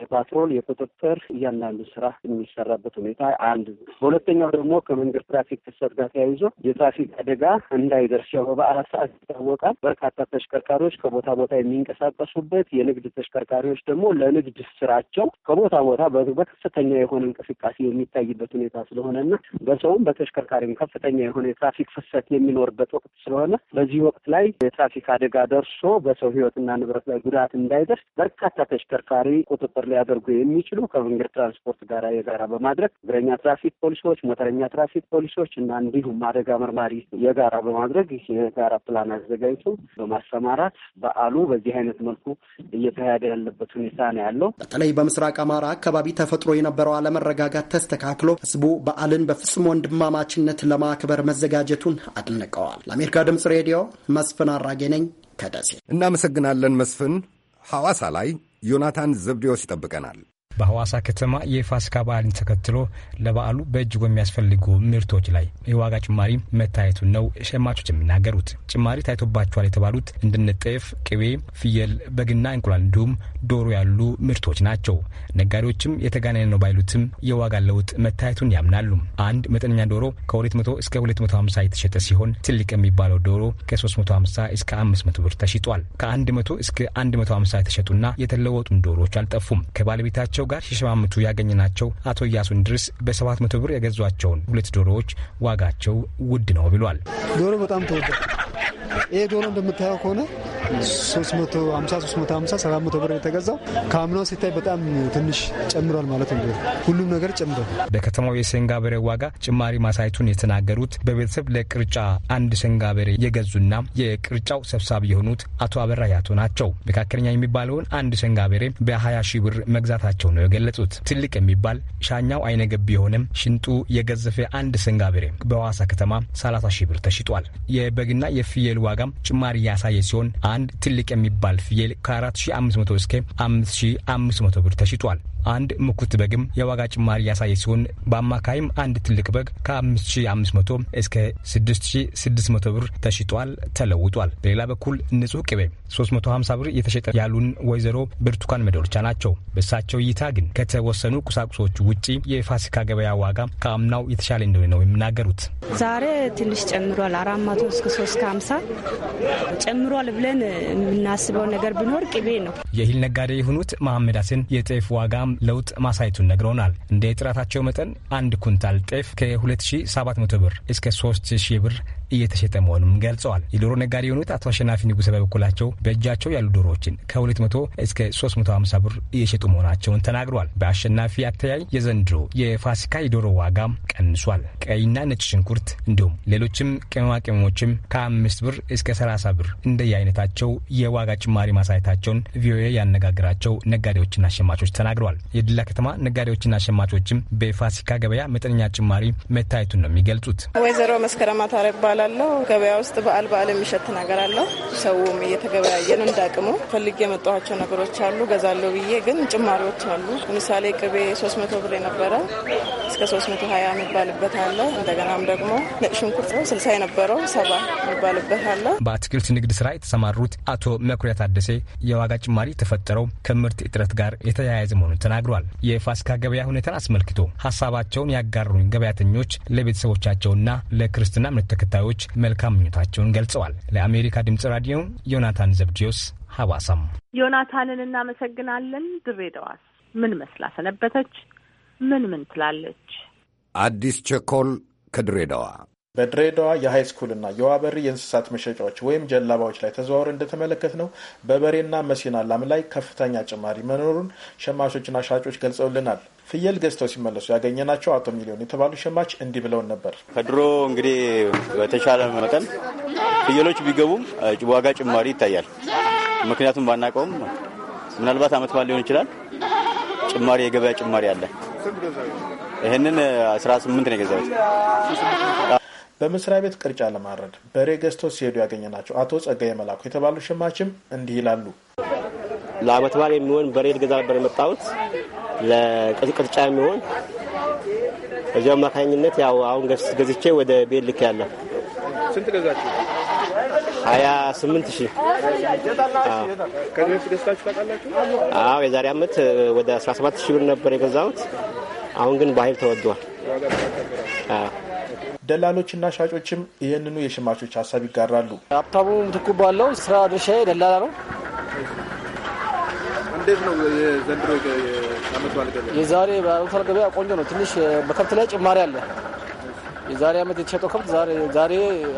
የፓትሮል የቁጥጥር እያንዳንዱ ስራ የሚሰራበት ሁኔታ አንድ። በሁለተኛው ደግሞ ከመንገድ ትራፊክ ፍሰት ጋር ተያይዞ የትራፊክ አደጋ እንዳይደርስ ያው በበዓላት ሰዓት ይታወቃል። በርካታ ተሽከርካሪዎች ከቦታ ቦታ የሚንቀሳቀሱበት፣ የንግድ ተሽከርካሪዎች ደግሞ ለንግድ ስራቸው ከቦታ ቦታ በከፍተኛ የሆነ እንቅስቃሴ የሚታይበት ሁኔታ ስለሆነና በሰውም በተሽከርካሪም ከፍተኛ የሆነ የትራፊክ ፍሰት የሚኖርበት ወቅት ስለሆነ በዚህ ወቅት ላይ የትራፊክ አደጋ ደርሶ በሰው ህይወትና ንብረት ላይ ጉዳት እንዳይደርስ በርካታ ተሽከርካሪ ቁጥጥር ኦፈር ሊያደርጉ የሚችሉ ከመንገድ ትራንስፖርት ጋር የጋራ በማድረግ እግረኛ ትራፊክ ፖሊሶች፣ ሞተረኛ ትራፊክ ፖሊሶች እና እንዲሁም አደጋ መርማሪ የጋራ በማድረግ የጋራ ፕላን አዘጋጅቶ በማሰማራት በዓሉ በዚህ አይነት መልኩ እየተካሄደ ያለበት ሁኔታ ነው ያለው። በተለይ በምስራቅ አማራ አካባቢ ተፈጥሮ የነበረው አለመረጋጋት ተስተካክሎ ህዝቡ በዓልን በፍጹም ወንድማማችነት ለማክበር መዘጋጀቱን አድንቀዋል። ለአሜሪካ ድምጽ ሬዲዮ መስፍን አራጌ ነኝ ከደሴ። እናመሰግናለን መስፍን። ሐዋሳ ላይ ዮናታን ዘብዴዎስ ይጠብቀናል። በሐዋሳ ከተማ የፋሲካ በዓልን ተከትሎ ለበዓሉ በእጅጉ የሚያስፈልጉ ምርቶች ላይ የዋጋ ጭማሪ መታየቱን ነው ሸማቾች የሚናገሩት። ጭማሪ ታይቶባቸዋል የተባሉት እንደነ ጤፍ፣ ቅቤ፣ ፍየል፣ በግና እንቁላል እንዲሁም ዶሮ ያሉ ምርቶች ናቸው። ነጋዴዎችም የተጋነነ ነው ባይሉትም የዋጋ ለውጥ መታየቱን ያምናሉ። አንድ መጠነኛ ዶሮ ከ200 እስከ 250 የተሸጠ ሲሆን ትልቅ የሚባለው ዶሮ ከ350 እስከ 500 ብር ተሽጧል። ከ100 እስከ 150 የተሸጡና የተለወጡን ዶሮዎች አልጠፉም። ከባለቤታቸው ከሰው ጋር ሲሸማምቱ ያገኘናቸው አቶ እያሱን ድርስ በሰባት መቶ ብር የገዟቸውን ሁለት ዶሮዎች ዋጋቸው ውድ ነው ብሏል። ዶሮ በጣም ተወደ። ይህ ዶሮ እንደምታየው ከሆነ 350 350 700 ብር የተገዛው ከአምናው ሲታይ በጣም ትንሽ ጨምሯል ማለት ነው። ሁሉም ነገር ጨምሯል። በከተማው የሰንጋ በሬ ዋጋ ጭማሪ ማሳየቱን የተናገሩት በቤተሰብ ለቅርጫ አንድ ሰንጋ በሬ የገዙና የቅርጫው ሰብሳቢ የሆኑት አቶ አበራ ያቶ ናቸው። መካከለኛ የሚባለውን አንድ ሰንጋ በሬ በ20 ሺህ ብር መግዛታቸው ነው የገለጹት። ትልቅ የሚባል ሻኛው አይነ ገብ የሆነም ሽንጡ የገዘፈ አንድ ሰንጋ በሬ በሐዋሳ ከተማ 30 ሺህ ብር ተሽጧል። የበግና የፍየል ዋጋም ጭማሪ ያሳየ ሲሆን አንድ ትልቅ የሚባል ፍየል ከ4500 እስከ 5500 ብር ተሽጧል። አንድ ምኩት በግም የዋጋ ጭማሪ ያሳየ ሲሆን በአማካይም አንድ ትልቅ በግ ከ5500 እስከ 6600 ብር ተሽጧል ተለውጧል። በሌላ በኩል ንጹህ ቅቤ 350 ብር የተሸጠ ያሉን ወይዘሮ ብርቱካን መደሮቻ ናቸው። በእሳቸው እይታ ግን ከተወሰኑ ቁሳቁሶቹ ውጪ የፋሲካ ገበያ ዋጋ ከአምናው የተሻለ እንደሆነ ነው የሚናገሩት። ዛሬ ትንሽ ጨምሯል። አራት እስከ 350 ጨምሯል ብለን የምናስበው ነገር ቢኖር ቅቤ ነው። የእህል ነጋዴ የሆኑት መሐመድ ሀሰን የጤፍ ዋጋ ዋጋም ለውጥ ማሳየቱን ነግረውናል። እንደ ጥራታቸው መጠን አንድ ኩንታል ጤፍ ከ2700 ብር እስከ 3000 ብር እየተሸጠ መሆኑን ገልጸዋል። የዶሮ ነጋዴ የሆኑት አቶ አሸናፊ ንጉሰ በበኩላቸው በእጃቸው ያሉ ዶሮዎችን ከ200 እስከ 350 ብር እየሸጡ መሆናቸውን ተናግረዋል። በአሸናፊ አተያይ የዘንድሮ የፋሲካ የዶሮ ዋጋም ቀንሷል። ቀይና ነጭ ሽንኩርት እንዲሁም ሌሎችም ቅመማ ቅመሞችም ከአምስት ብር እስከ 30 ብር እንደየአይነታቸው የዋጋ ጭማሪ ማሳየታቸውን ቪኦኤ ያነጋገራቸው ነጋዴዎችና ሸማቾች ተናግረዋል። የድላ ከተማ ነጋዴዎችና ሸማቾችም በፋሲካ ገበያ መጠነኛ ጭማሪ መታየቱን ነው የሚገልጹት። ወይዘሮ መስከረማ አታረ እባላለሁ። ገበያ ውስጥ በዓል በዓል የሚሸት ነገር አለው። ሰውም እየተገበያየን እንዳቅሙ ፈልጌ የመጣኋቸው ነገሮች አሉ። ገዛለሁ ብዬ ግን ጭማሪዎች አሉ። ለምሳሌ ቅቤ 300 ብር የነበረ እስከ 320 የሚባልበት አለ። እንደገናም ደግሞ ነጭ ሽንኩርት 60 የነበረው ሰባ የሚባልበት አለ። በአትክልት ንግድ ስራ የተሰማሩት አቶ መኩሪያ ታደሴ የዋጋ ጭማሪ የተፈጠረው ከምርት እጥረት ጋር የተያያዘ መሆኑን ተናግሯል። የፋሲካ ገበያ ሁኔታን አስመልክቶ ሀሳባቸውን ያጋሩን ገበያተኞች ለቤተሰቦቻቸውና ለክርስትና እምነት ተከታዮች ሰዎች መልካም ምኞታቸውን ገልጸዋል። ለአሜሪካ ድምጽ ራዲዮ ዮናታን ዘብድዮስ ሀዋሳም። ዮናታንን እናመሰግናለን። ድሬዳዋስ ምን መስላ ሰነበተች? ምን ምን ትላለች? አዲስ ቸኮል ከድሬዳዋ በድሬዳዋ የሀይስኩልና የዋበሪ የእንስሳት መሸጫዎች ወይም ጀላባዎች ላይ ተዘዋውረ እንደተመለከት ነው በበሬና መሲና ላም ላይ ከፍተኛ ጭማሪ መኖሩን ሸማቾችና ሻጮች ገልጸውልናል። ፍየል ገዝተው ሲመለሱ ያገኘናቸው አቶ ሚሊዮን የተባሉ ሸማች እንዲህ ብለውን ነበር። ከድሮ እንግዲህ በተሻለ መጠን ፍየሎች ቢገቡም ዋጋ ጭማሪ ይታያል። ምክንያቱም ባናቀውም ምናልባት አመት በዓል ሊሆን ይችላል። ጭማሪ የገበያ ጭማሪ አለ። ይህንን 18 ነው የገዛሁት። በመስሪያ ቤት ቅርጫ ለማረድ በሬ ገዝተው ሲሄዱ ያገኘ ናቸው። አቶ ጸጋዬ መላኩ የተባሉ ሸማችም እንዲህ ይላሉ። ለአመት በዓል የሚሆን በሬ ልገዛ ነበር የመጣሁት ለቅርጫ የሚሆን እዚህ አማካኝነት ያው አሁን ገዝቼ ወደ ቤት ልክ ያለ ስንት ገዛችሁ? ሀያ ስምንት ሺህ አዎ የዛሬ አመት ወደ አስራ ሰባት ሺህ ብር ነበር የገዛሁት። አሁን ግን በኃይል ተወዷል። ደላሎችና ሻጮችም ይህንኑ የሸማቾች ሀሳብ ይጋራሉ። ሀብታሙ ምትኩ ባለው ስራ ድርሻ ደላላ ነው። እንዴት ነው የዘንድሮ የዛሬ አውታር ገበያ? ቆንጆ ነው። ትንሽ በከብት ላይ ጭማሪ አለ። የዛሬ ዓመት የተሸጠው ከብት ዛሬ ዛሬ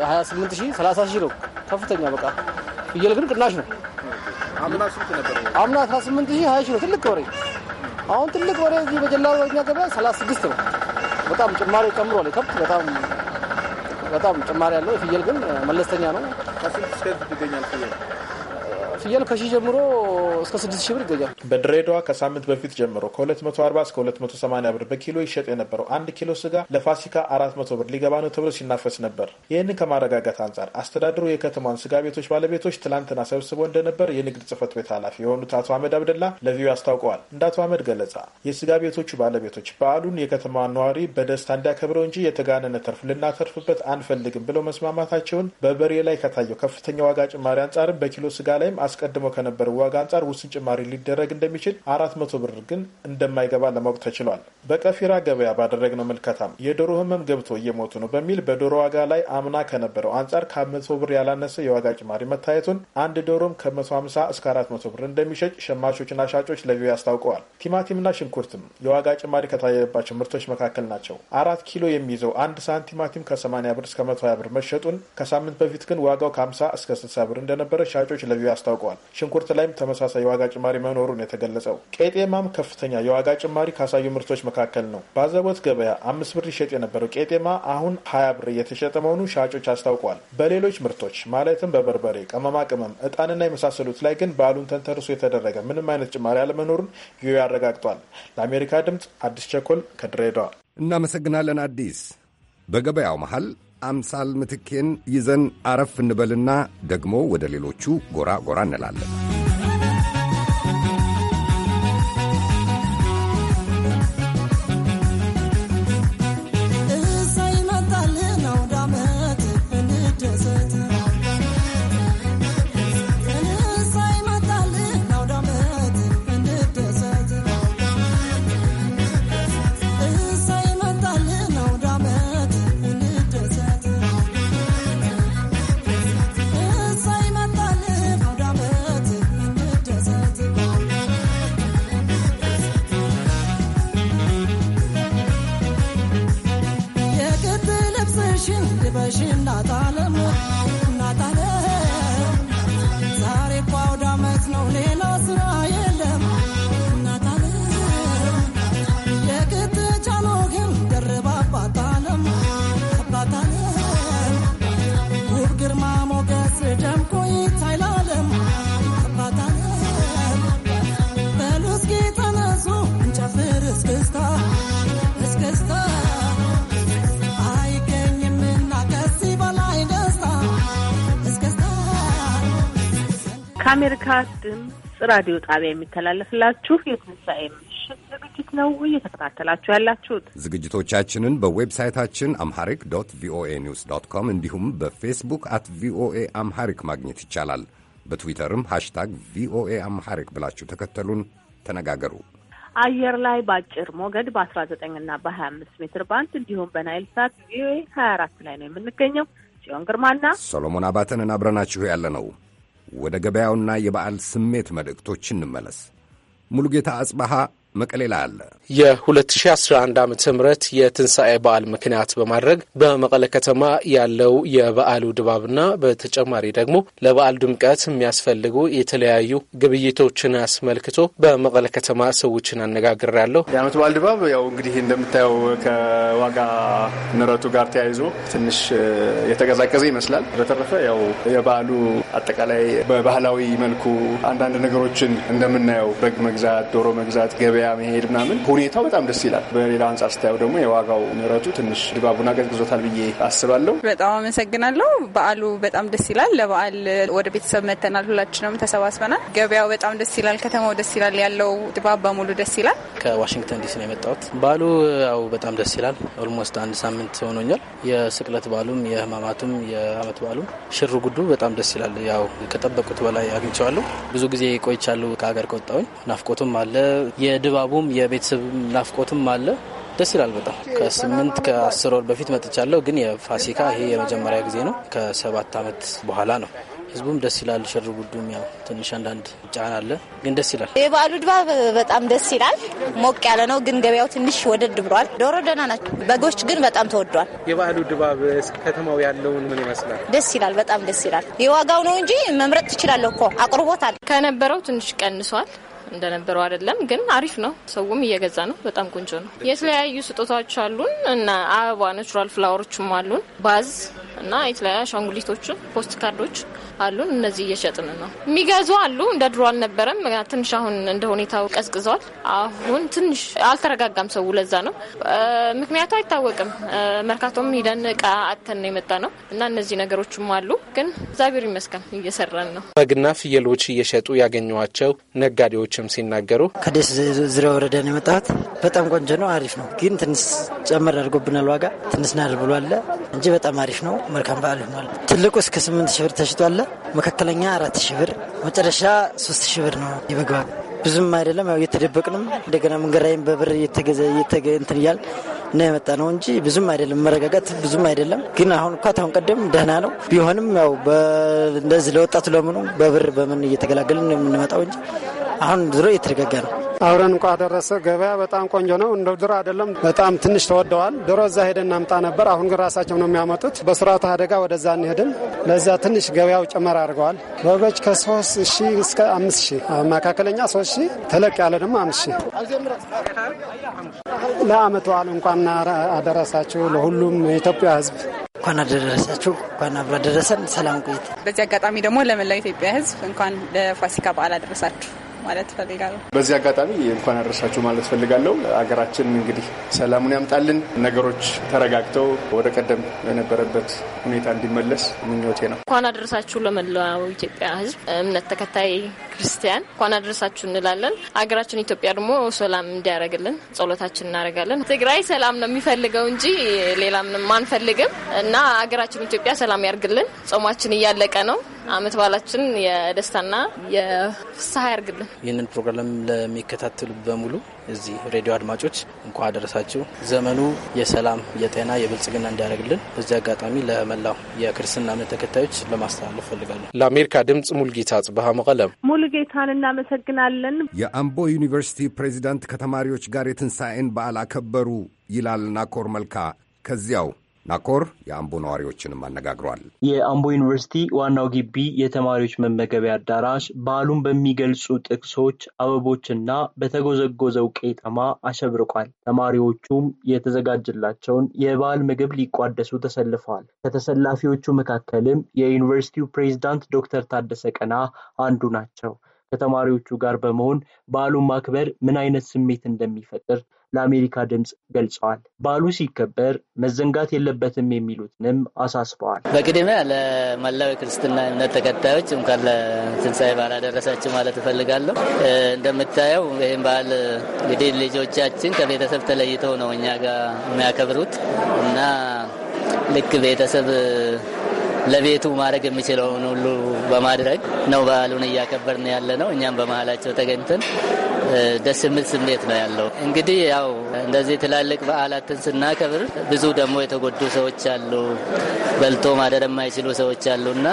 28 ሺህ 30 ሺህ ነው። ከፍተኛ በቃ ፍየል ግን ቅናሽ ነው። አምና 18 ሺህ 20 ሺህ ነው። ትልቅ ወሬ አሁን ትልቅ ወሬ እዚህ በጀላው ገበያ 36 ነው። በጣም ጭማሪ ጨምሯል። ከብት በጣም በጣም ጭማሪ ያለው። ፍየል ግን መለስተኛ ነው። ከስንት እስከ ስንት ይገኛል ፍየል? ፍየል ከሺ ጀምሮ እስከ ስድስት ሺህ ብር ይገኛል። በድሬዳዋ ከሳምንት በፊት ጀምሮ ከ240 እስከ 280 ብር በኪሎ ይሸጥ የነበረው አንድ ኪሎ ስጋ ለፋሲካ 400 ብር ሊገባ ነው ተብሎ ሲናፈስ ነበር። ይህንን ከማረጋጋት አንጻር አስተዳደሩ የከተማዋን ስጋ ቤቶች ባለቤቶች ትላንትና ሰብስቦ እንደነበር የንግድ ጽህፈት ቤት ኃላፊ የሆኑት አቶ አህመድ አብደላ ለቪዮ አስታውቀዋል። እንደ አቶ አህመድ ገለጻ የስጋ ቤቶቹ ባለቤቶች በዓሉን የከተማ ነዋሪ በደስታ እንዲያከብረው እንጂ የተጋነነ ትርፍ ልናተርፍበት አንፈልግም ብለው መስማማታቸውን በበሬ ላይ ከታየው ከፍተኛ ዋጋ ጭማሪ አንጻርም በኪሎ ስጋ ላይም አስቀድሞ ከነበረው ዋጋ አንጻር ውስን ጭማሪ ሊደረግ እንደሚችል አራት መቶ ብር ግን እንደማይገባ ለማወቅ ተችሏል። በቀፊራ ገበያ ባደረግነው ምልከታም የዶሮ ህመም ገብቶ እየሞቱ ነው በሚል በዶሮ ዋጋ ላይ አምና ከነበረው አንጻር ከመቶ ብር ያላነሰ የዋጋ ጭማሪ መታየቱን አንድ ዶሮም ከ150 እስከ መቶ ብር እንደሚሸጥ ሸማቾችና ሻጮች ለቪ አስታውቀዋል። ቲማቲምና ሽንኩርትም የዋጋ ጭማሪ ከታየባቸው ምርቶች መካከል ናቸው። አራት ኪሎ የሚይዘው አንድ ሳን ቲማቲም ከ ብር እስከ 120 ብር መሸጡን ከሳምንት በፊት ግን ዋጋው ከ50 እስከ 60 ብር እንደነበረ ሻጮች ለቪ አስታውቀዋል። አስታውቀዋል። ሽንኩርት ላይም ተመሳሳይ የዋጋ ጭማሪ መኖሩን የተገለጸው ቄጤማም ከፍተኛ የዋጋ ጭማሪ ካሳዩ ምርቶች መካከል ነው። በአዘቦት ገበያ አምስት ብር ይሸጥ የነበረው ቄጤማ አሁን ሀያ ብር እየተሸጠ መሆኑ ሻጮች አስታውቀዋል። በሌሎች ምርቶች ማለትም በበርበሬ፣ ቅመማ ቅመም፣ እጣንና የመሳሰሉት ላይ ግን በዓሉን ተንተርሶ የተደረገ ምንም አይነት ጭማሪ አለመኖሩን ዩ ያረጋግጧል። ለአሜሪካ ድምፅ አዲስ ቸኮል ከድሬዳዋ እናመሰግናለን። አዲስ በገበያው መሀል አምሳል ምትኬን ይዘን አረፍ እንበልና ደግሞ ወደ ሌሎቹ ጎራ ጎራ እንላለን። የአሜሪካ ድምፅ ራዲዮ ጣቢያ የሚተላለፍላችሁ የትንሣኤ ምሽት ዝግጅት ነው እየተከታተላችሁ ያላችሁት። ዝግጅቶቻችንን በዌብሳይታችን አምሃሪክ ዶት ቪኦኤ ኒውስ ዶት ኮም እንዲሁም በፌስቡክ አት ቪኦኤ አምሃሪክ ማግኘት ይቻላል። በትዊተርም ሃሽታግ ቪኦኤ አምሃሪክ ብላችሁ ተከተሉን፣ ተነጋገሩ። አየር ላይ በአጭር ሞገድ በ19 እና በ25 ሜትር ባንድ እንዲሁም በናይል ሳት ቪኦኤ 24 ላይ ነው የምንገኘው። ጽዮን ግርማና ሶሎሞን አባተንን አብረናችሁ ያለ ነው። ወደ ገበያውና የበዓል ስሜት መልእክቶች እንመለስ። ሙሉጌታ አጽባሃ መቀሌ ላይ አለ። የ2011 ዓ ም የትንሣኤ በዓል ምክንያት በማድረግ በመቀለ ከተማ ያለው የበዓሉ ድባብና በተጨማሪ ደግሞ ለበዓል ድምቀት የሚያስፈልጉ የተለያዩ ግብይቶችን አስመልክቶ በመቀለ ከተማ ሰዎችን ያለው የዓመት በዓል ድባብ ያው እንግዲህ እንደምታየው ከዋጋ ንረቱ ጋር ተያይዞ ትንሽ የተቀዛቀዘ ይመስላል። በተረፈ ያው የበዓሉ አጠቃላይ በባህላዊ መልኩ አንዳንድ ነገሮችን እንደምናየው በግ መግዛት፣ ዶሮ መግዛት፣ ገበያ ገበያ መሄድ ምናምን ሁኔታው በጣም ደስ ይላል። በሌላ አንጻር ስታየው ደግሞ የዋጋው ንረቱ ትንሽ ድባቡን አቀዝቅዞታል ብዬ አስባለሁ። በጣም አመሰግናለሁ። በዓሉ በጣም ደስ ይላል። ለበዓል ወደ ቤተሰብ መተናል። ሁላችንም ተሰባስበናል። ገበያው በጣም ደስ ይላል። ከተማው ደስ ይላል። ያለው ድባብ በሙሉ ደስ ይላል። ከዋሽንግተን ዲሲ ነው የመጣሁት። በዓሉ ያው በጣም ደስ ይላል። ኦልሞስት አንድ ሳምንት ሆኖኛል። የስቅለት በዓሉም የህማማቱም የአመት በዓሉም ሽር ጉዱ በጣም ደስ ይላል። ያው ከጠበቁት በላይ አግኝቸዋለሁ። ብዙ ጊዜ ቆይቻለሁ ከሀገር ከወጣሁኝ ናፍቆቱም አለ የድባ ድባቡም የቤተሰብ ናፍቆትም አለ። ደስ ይላል በጣም። ከስምንት ከአስር ወር በፊት መጥቻለሁ፣ ግን የፋሲካ ይሄ የመጀመሪያ ጊዜ ነው። ከሰባት አመት በኋላ ነው። ህዝቡም ደስ ይላል። ሽር ጉዱም ያው ትንሽ አንዳንድ ጫና አለ፣ ግን ደስ ይላል። የበዓሉ ድባብ በጣም ደስ ይላል። ሞቅ ያለ ነው፣ ግን ገበያው ትንሽ ወደድ ብሏል። ዶሮ ደህና ናቸው፣ በጎች ግን በጣም ተወዷል። የበዓሉ ድባብ ከተማው ያለውን ምን ይመስላል? ደስ ይላል፣ በጣም ደስ ይላል። የዋጋው ነው እንጂ መምረጥ ትችላለሁ እኮ አቅርቦታል። ከነበረው ትንሽ ቀንሷል። እንደነበረው አይደለም፣ ግን አሪፍ ነው። ሰውም እየገዛ ነው። በጣም ቆንጆ ነው። የተለያዩ ስጦታዎች አሉን እና አበባ፣ ናቹራል ፍላወሮችም አሉን፣ ባዝ እና የተለያዩ አሻንጉሊቶችን፣ ፖስት ካርዶች አሉን። እነዚህ እየሸጥን ነው። የሚገዙ አሉ። እንደ ድሮ አልነበረም። ትንሽ አሁን እንደ ሁኔታው ቀዝቅዘዋል። አሁን ትንሽ አልተረጋጋም ሰው። ለዛ ነው ምክንያቱ አይታወቅም። መርካቶም ሂደን እቃ አተን ነው የመጣ ነው እና እነዚህ ነገሮችም አሉ። ግን እግዚአብሔር ይመስገን እየሰራን ነው። በግና ፍየሎች እየሸጡ ያገኘዋቸው ነጋዴዎች ነዋሪዎችም ሲናገሩ ከደስ ዙሪያ ወረዳ ነው የመጣሁት። በጣም ቆንጆ ነው፣ አሪፍ ነው። ግን ትንሽ ጨመር አድርጎብናል ዋጋ ትንሽ ናር ብሏለ እንጂ በጣም አሪፍ ነው። መልካም በዓል ይሆናል። ትልቁ እስከ ስምንት ሺህ ብር ተሽጧለ፣ መካከለኛ አራት ሺህ ብር፣ መጨረሻ ሶስት ሺህ ብር ነው የበግ ዋጋ። ብዙም አይደለም ያው እየተደበቅንም እንደገና መንገድ ላይም በብር እየተገዘ እየተገ እንትን እያል እና የመጣ ነው እንጂ ብዙም አይደለም። መረጋጋት ብዙም አይደለም። ግን አሁን እኳ ታሁን ቀደም ደህና ነው ቢሆንም ያው እንደዚህ ለወጣቱ ለምኑ በብር በምን እየተገላገልን ነው የምንመጣው እንጂ አሁን ድሮ እየተረጋጋ ነው። አብረን እንኳ ደረሰ ገበያ በጣም ቆንጆ ነው። እንደ ድሮ አይደለም፣ በጣም ትንሽ ተወደዋል። ድሮ እዛ ሄደን እናምጣ ነበር። አሁን ግን ራሳቸው ነው የሚያመጡት። በስርዓቱ አደጋ ወደዛ እንሄድም። ለዛ ትንሽ ገበያው ጭመር አድርገዋል። በጎች ከሶስት ሺ እስከ አምስት ሺ መካከለኛ ሶስት ሺ ተለቅ ያለ ደግሞ አምስት ሺ ለአመቱ በዓል እንኳን አደረሳችሁ ለሁሉም የኢትዮጵያ ህዝብ እንኳን አደረሳችሁ። እንኳን አብሮ አደረሰን። ሰላም ቆይት። በዚህ አጋጣሚ ደግሞ ለመላው ኢትዮጵያ ህዝብ እንኳን ለፋሲካ በዓል አደረሳችሁ። ማለት ፈልጋለሁ። በዚህ አጋጣሚ እንኳን አደረሳችሁ ማለት ፈልጋለሁ። አገራችን እንግዲህ ሰላሙን ያምጣልን፣ ነገሮች ተረጋግተው ወደ ቀደም የነበረበት ሁኔታ እንዲመለስ ምኞቴ ነው። እንኳን አደረሳችሁ ለመላው ኢትዮጵያ ሕዝብ እምነት ተከታይ ክርስቲያን እንኳን አደረሳችሁ እንላለን። አገራችን ኢትዮጵያ ደግሞ ሰላም እንዲያደርግልን ጸሎታችን እናደርጋለን። ትግራይ ሰላም ነው የሚፈልገው እንጂ ሌላ ምንም አንፈልግም እና አገራችን ኢትዮጵያ ሰላም ያርግልን። ጾማችን እያለቀ ነው። አመት ባላችን የደስታና የፍስሀ ያርግልን። ይህንን ፕሮግራም ለሚከታተሉ በሙሉ እዚህ ሬዲዮ አድማጮች እንኳ አደረሳችሁ። ዘመኑ የሰላም የጤና፣ የብልጽግና እንዲያደርግልን በዚህ አጋጣሚ ለመላው የክርስትና እምነት ተከታዮች ለማስተላለፍ ፈልጋለሁ። ለአሜሪካ ድምፅ ሙልጌታ ጽበሀ መቀለም። ሙልጌታን እናመሰግናለን። የአምቦ ዩኒቨርሲቲ ፕሬዚዳንት ከተማሪዎች ጋር የትንሣኤን በዓል አከበሩ ይላል ናኮር መልካ ከዚያው ናኮር የአምቦ ነዋሪዎችንም አነጋግሯል። የአምቦ ዩኒቨርሲቲ ዋናው ግቢ የተማሪዎች መመገቢያ አዳራሽ በዓሉን በሚገልጹ ጥቅሶች፣ አበቦችና በተጎዘጎዘው ቄጠማ አሸብርቋል። ተማሪዎቹም የተዘጋጀላቸውን የበዓል ምግብ ሊቋደሱ ተሰልፈዋል። ከተሰላፊዎቹ መካከልም የዩኒቨርሲቲው ፕሬዚዳንት ዶክተር ታደሰ ቀና አንዱ ናቸው። ከተማሪዎቹ ጋር በመሆን በዓሉን ማክበር ምን አይነት ስሜት እንደሚፈጥር ለአሜሪካ ድምፅ ገልጸዋል። በዓሉ ሲከበር መዘንጋት የለበትም የሚሉትንም አሳስበዋል። በቅድሚያ ለመላው የክርስትና እምነት ተከታዮች እንኳን ለትንሣኤ በዓል አደረሳችሁ ማለት እፈልጋለሁ። እንደምታየው ይህም በዓል እንግዲህ ልጆቻችን ከቤተሰብ ተለይተው ነው እኛ ጋር የሚያከብሩት እና ልክ ቤተሰብ ለቤቱ ማድረግ የሚችለውን ሁሉ በማድረግ ነው በዓሉን እያከበርን ያለ ነው። እኛም በመሀላቸው ተገኝተን ደስ የሚል ስሜት ነው ያለው። እንግዲህ ያው እንደዚህ ትላልቅ በዓላትን ስናከብር ብዙ ደግሞ የተጎዱ ሰዎች አሉ፣ በልቶ ማደር የማይችሉ ሰዎች አሉ እና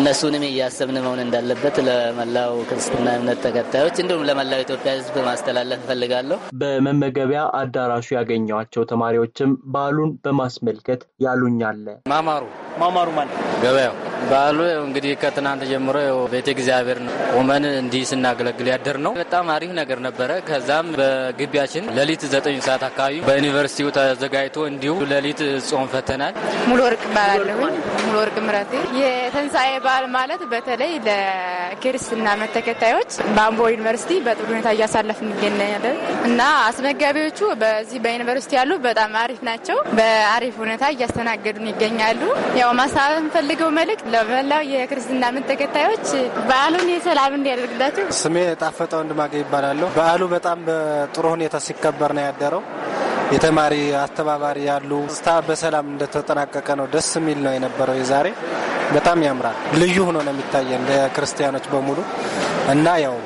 እነሱንም እያሰብን መሆን እንዳለበት ለመላው ክርስትና እምነት ተከታዮች እንዲሁም ለመላው ኢትዮጵያ ሕዝብ ማስተላለፍ እፈልጋለሁ። በመመገቢያ አዳራሹ ያገኘዋቸው ተማሪዎችም በዓሉን በማስመልከት ያሉኛለ ማማሩ ማማሩ ማለት ገበያው በዓሉ እንግዲህ ከትናንት ጀምሮ ቤተ እግዚአብሔር ቆመን እንዲህ ስናገለግል ያደር ነው። በጣም አሪፍ ነገር ነበረ። ከዛም በግቢያችን ሌሊት ዘጠኝ ሰዓት አካባቢ በዩኒቨርሲቲው ተዘጋጅቶ እንዲሁ ሌሊት ጾም ፈተናል። ሙሉ ወርቅ ይባላለሁ። ሙሉ ወርቅ ምረቴ የተንሳኤ በዓል ማለት በተለይ ለክርስትና እምነት ተከታዮች በአምቦ ዩኒቨርሲቲ በጥሩ ሁኔታ እያሳለፍን እንገኛለን እና አስመጋቢዎቹ በዚህ በዩኒቨርሲቲ ያሉ በጣም አሪፍ ናቸው። በአሪፍ ሁኔታ እያስተናገዱን ይገኛሉ። ያው ማስተላለፍ የምፈልገው መልእክት ለመላው የክርስትና እምነት ተከታዮች በዓሉን የሰላም እንዲያደርግላቸው። ስሜ ጣፈጠ ወንድማገ ይባላለሁ። በዓሉ በጣም በጥሩ ሁኔታ ሲከበር ነው ያደረው። የተማሪ አስተባባሪ ያሉ ስታ በሰላም እንደተጠናቀቀ ነው። ደስ የሚል ነው የነበረው። የዛሬ በጣም ያምራል። ልዩ ሆኖ ነው የሚታየን ለክርስቲያኖች በሙሉ እና ያው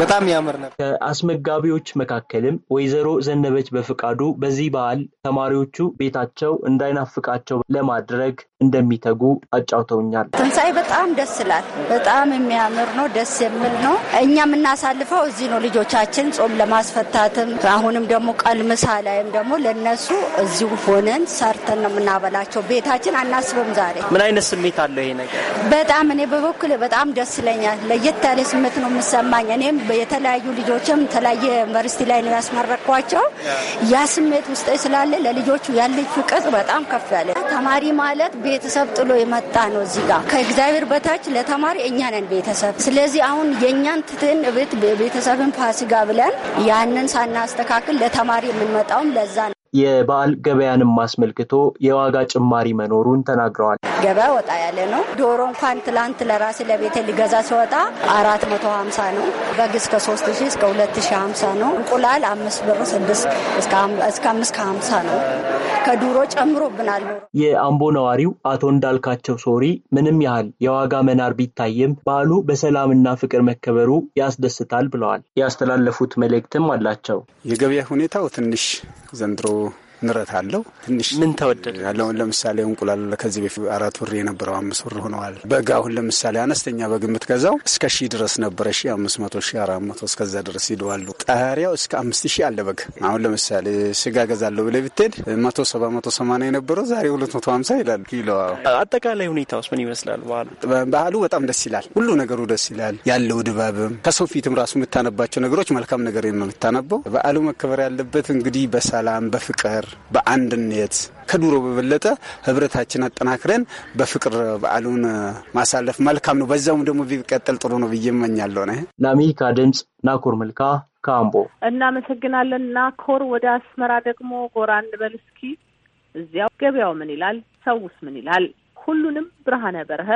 በጣም ያምር ነበር። ከአስመጋቢዎች መካከልም ወይዘሮ ዘነበች በፍቃዱ በዚህ በዓል ተማሪዎቹ ቤታቸው እንዳይናፍቃቸው ለማድረግ እንደሚተጉ አጫውተውኛል። ትንሣኤ በጣም ደስ ይላል። በጣም የሚያምር ነው። ደስ የሚል ነው። እኛ የምናሳልፈው እዚህ ነው። ልጆቻችን ጾም ለማስፈታትም አሁንም ደግሞ ቀን ምሳ ላይም ደግሞ ለነሱ እዚሁ ሆነን ሰርተን ነው የምናበላቸው። ቤታችን አናስብም። ዛሬ ምን አይነት ስሜት አለው ይሄ ነገር? በጣም እኔ በበኩል በጣም ደስ ይለኛል። ለየት ያለ ስሜት ነው የምሰማኝ እኔም የተለያዩ ልጆችም የተለያየ ዩኒቨርሲቲ ላይ ነው ያስመረኳቸው። ያ ስሜት ውስጤ ስላለ ለልጆቹ ያለኝ ፍቅር በጣም ከፍ ያለ። ተማሪ ማለት ቤተሰብ ጥሎ የመጣ ነው። እዚህ ጋር ከእግዚአብሔር በታች ለተማሪ እኛ ነን ቤተሰብ። ስለዚህ አሁን የእኛን ትትን እብት ቤተሰብን ፋሲጋ ብለን ያንን ሳናስተካክል ለተማሪ የምንመጣውም ለዛ ነው። የበዓል ገበያንም አስመልክቶ የዋጋ ጭማሪ መኖሩን ተናግረዋል። ገበያ ወጣ ያለ ነው። ዶሮ እንኳን ትላንት ለራሴ ለቤቴ ሊገዛ ሲወጣ አራት መቶ ሀምሳ ነው። በግ እስከ ሶስት እስከ ሁለት ሀምሳ ነው። እንቁላል አምስት ብር ስድስት እስከ አምስት ከሀምሳ ነው። ከዱሮ ጨምሮብናል። የአምቦ ነዋሪው አቶ እንዳልካቸው ሶሪ ምንም ያህል የዋጋ መናር ቢታይም ባህሉ በሰላምና ፍቅር መከበሩ ያስደስታል ብለዋል። ያስተላለፉት መልእክትም አላቸው። የገበያ ሁኔታው ትንሽ ዘንድሮ ንረት አለው። ትንሽ ምን ተወደደ? ለምሳሌ እንቁላል ከዚህ በፊት አራት ብር የነበረው አምስት ብር ሆነዋል። በግ አሁን ለምሳሌ አነስተኛ በግ የምትገዛው እስከ ሺህ ድረስ ነበረ። ሺህ አምስት መቶ ሺህ አራት መቶ እስከዛ ድረስ ይደዋሉ። ጣሪያው እስከ አምስት ሺህ አለ በግ። አሁን ለምሳሌ ስጋ ገዛለሁ ብለህ ብትሄድ መቶ ሰባ መቶ ሰማንያ የነበረው ዛሬ ሁለት መቶ ሀምሳ ይላል ኪሎ። አጠቃላይ ሁኔታ ውስጥ ምን ይመስላል? በዓሉ በዓሉ በጣም ደስ ይላል። ሁሉ ነገሩ ደስ ይላል። ያለው ድባብም ከሰው ፊትም ራሱ የምታነባቸው ነገሮች መልካም ነገር ነው የምታነበው። በዓሉ መከበር ያለበት እንግዲህ በሰላም በፍቅር በአንድነት ከዱሮ በበለጠ ህብረታችን አጠናክረን በፍቅር በዓሉን ማሳለፍ መልካም ነው። በዛውም ደግሞ ቢቀጠል ጥሩ ነው ብዬ እመኛለሁ። ነ ለአሜሪካ ድምፅ ናኮር መልካ ከአምቦ እናመሰግናለን። ናኮር ወደ አስመራ ደግሞ ጎራ እንበል እስኪ። እዚያው ገበያው ምን ይላል? ሰውስ ምን ይላል? ሁሉንም ብርሃነ በረሀ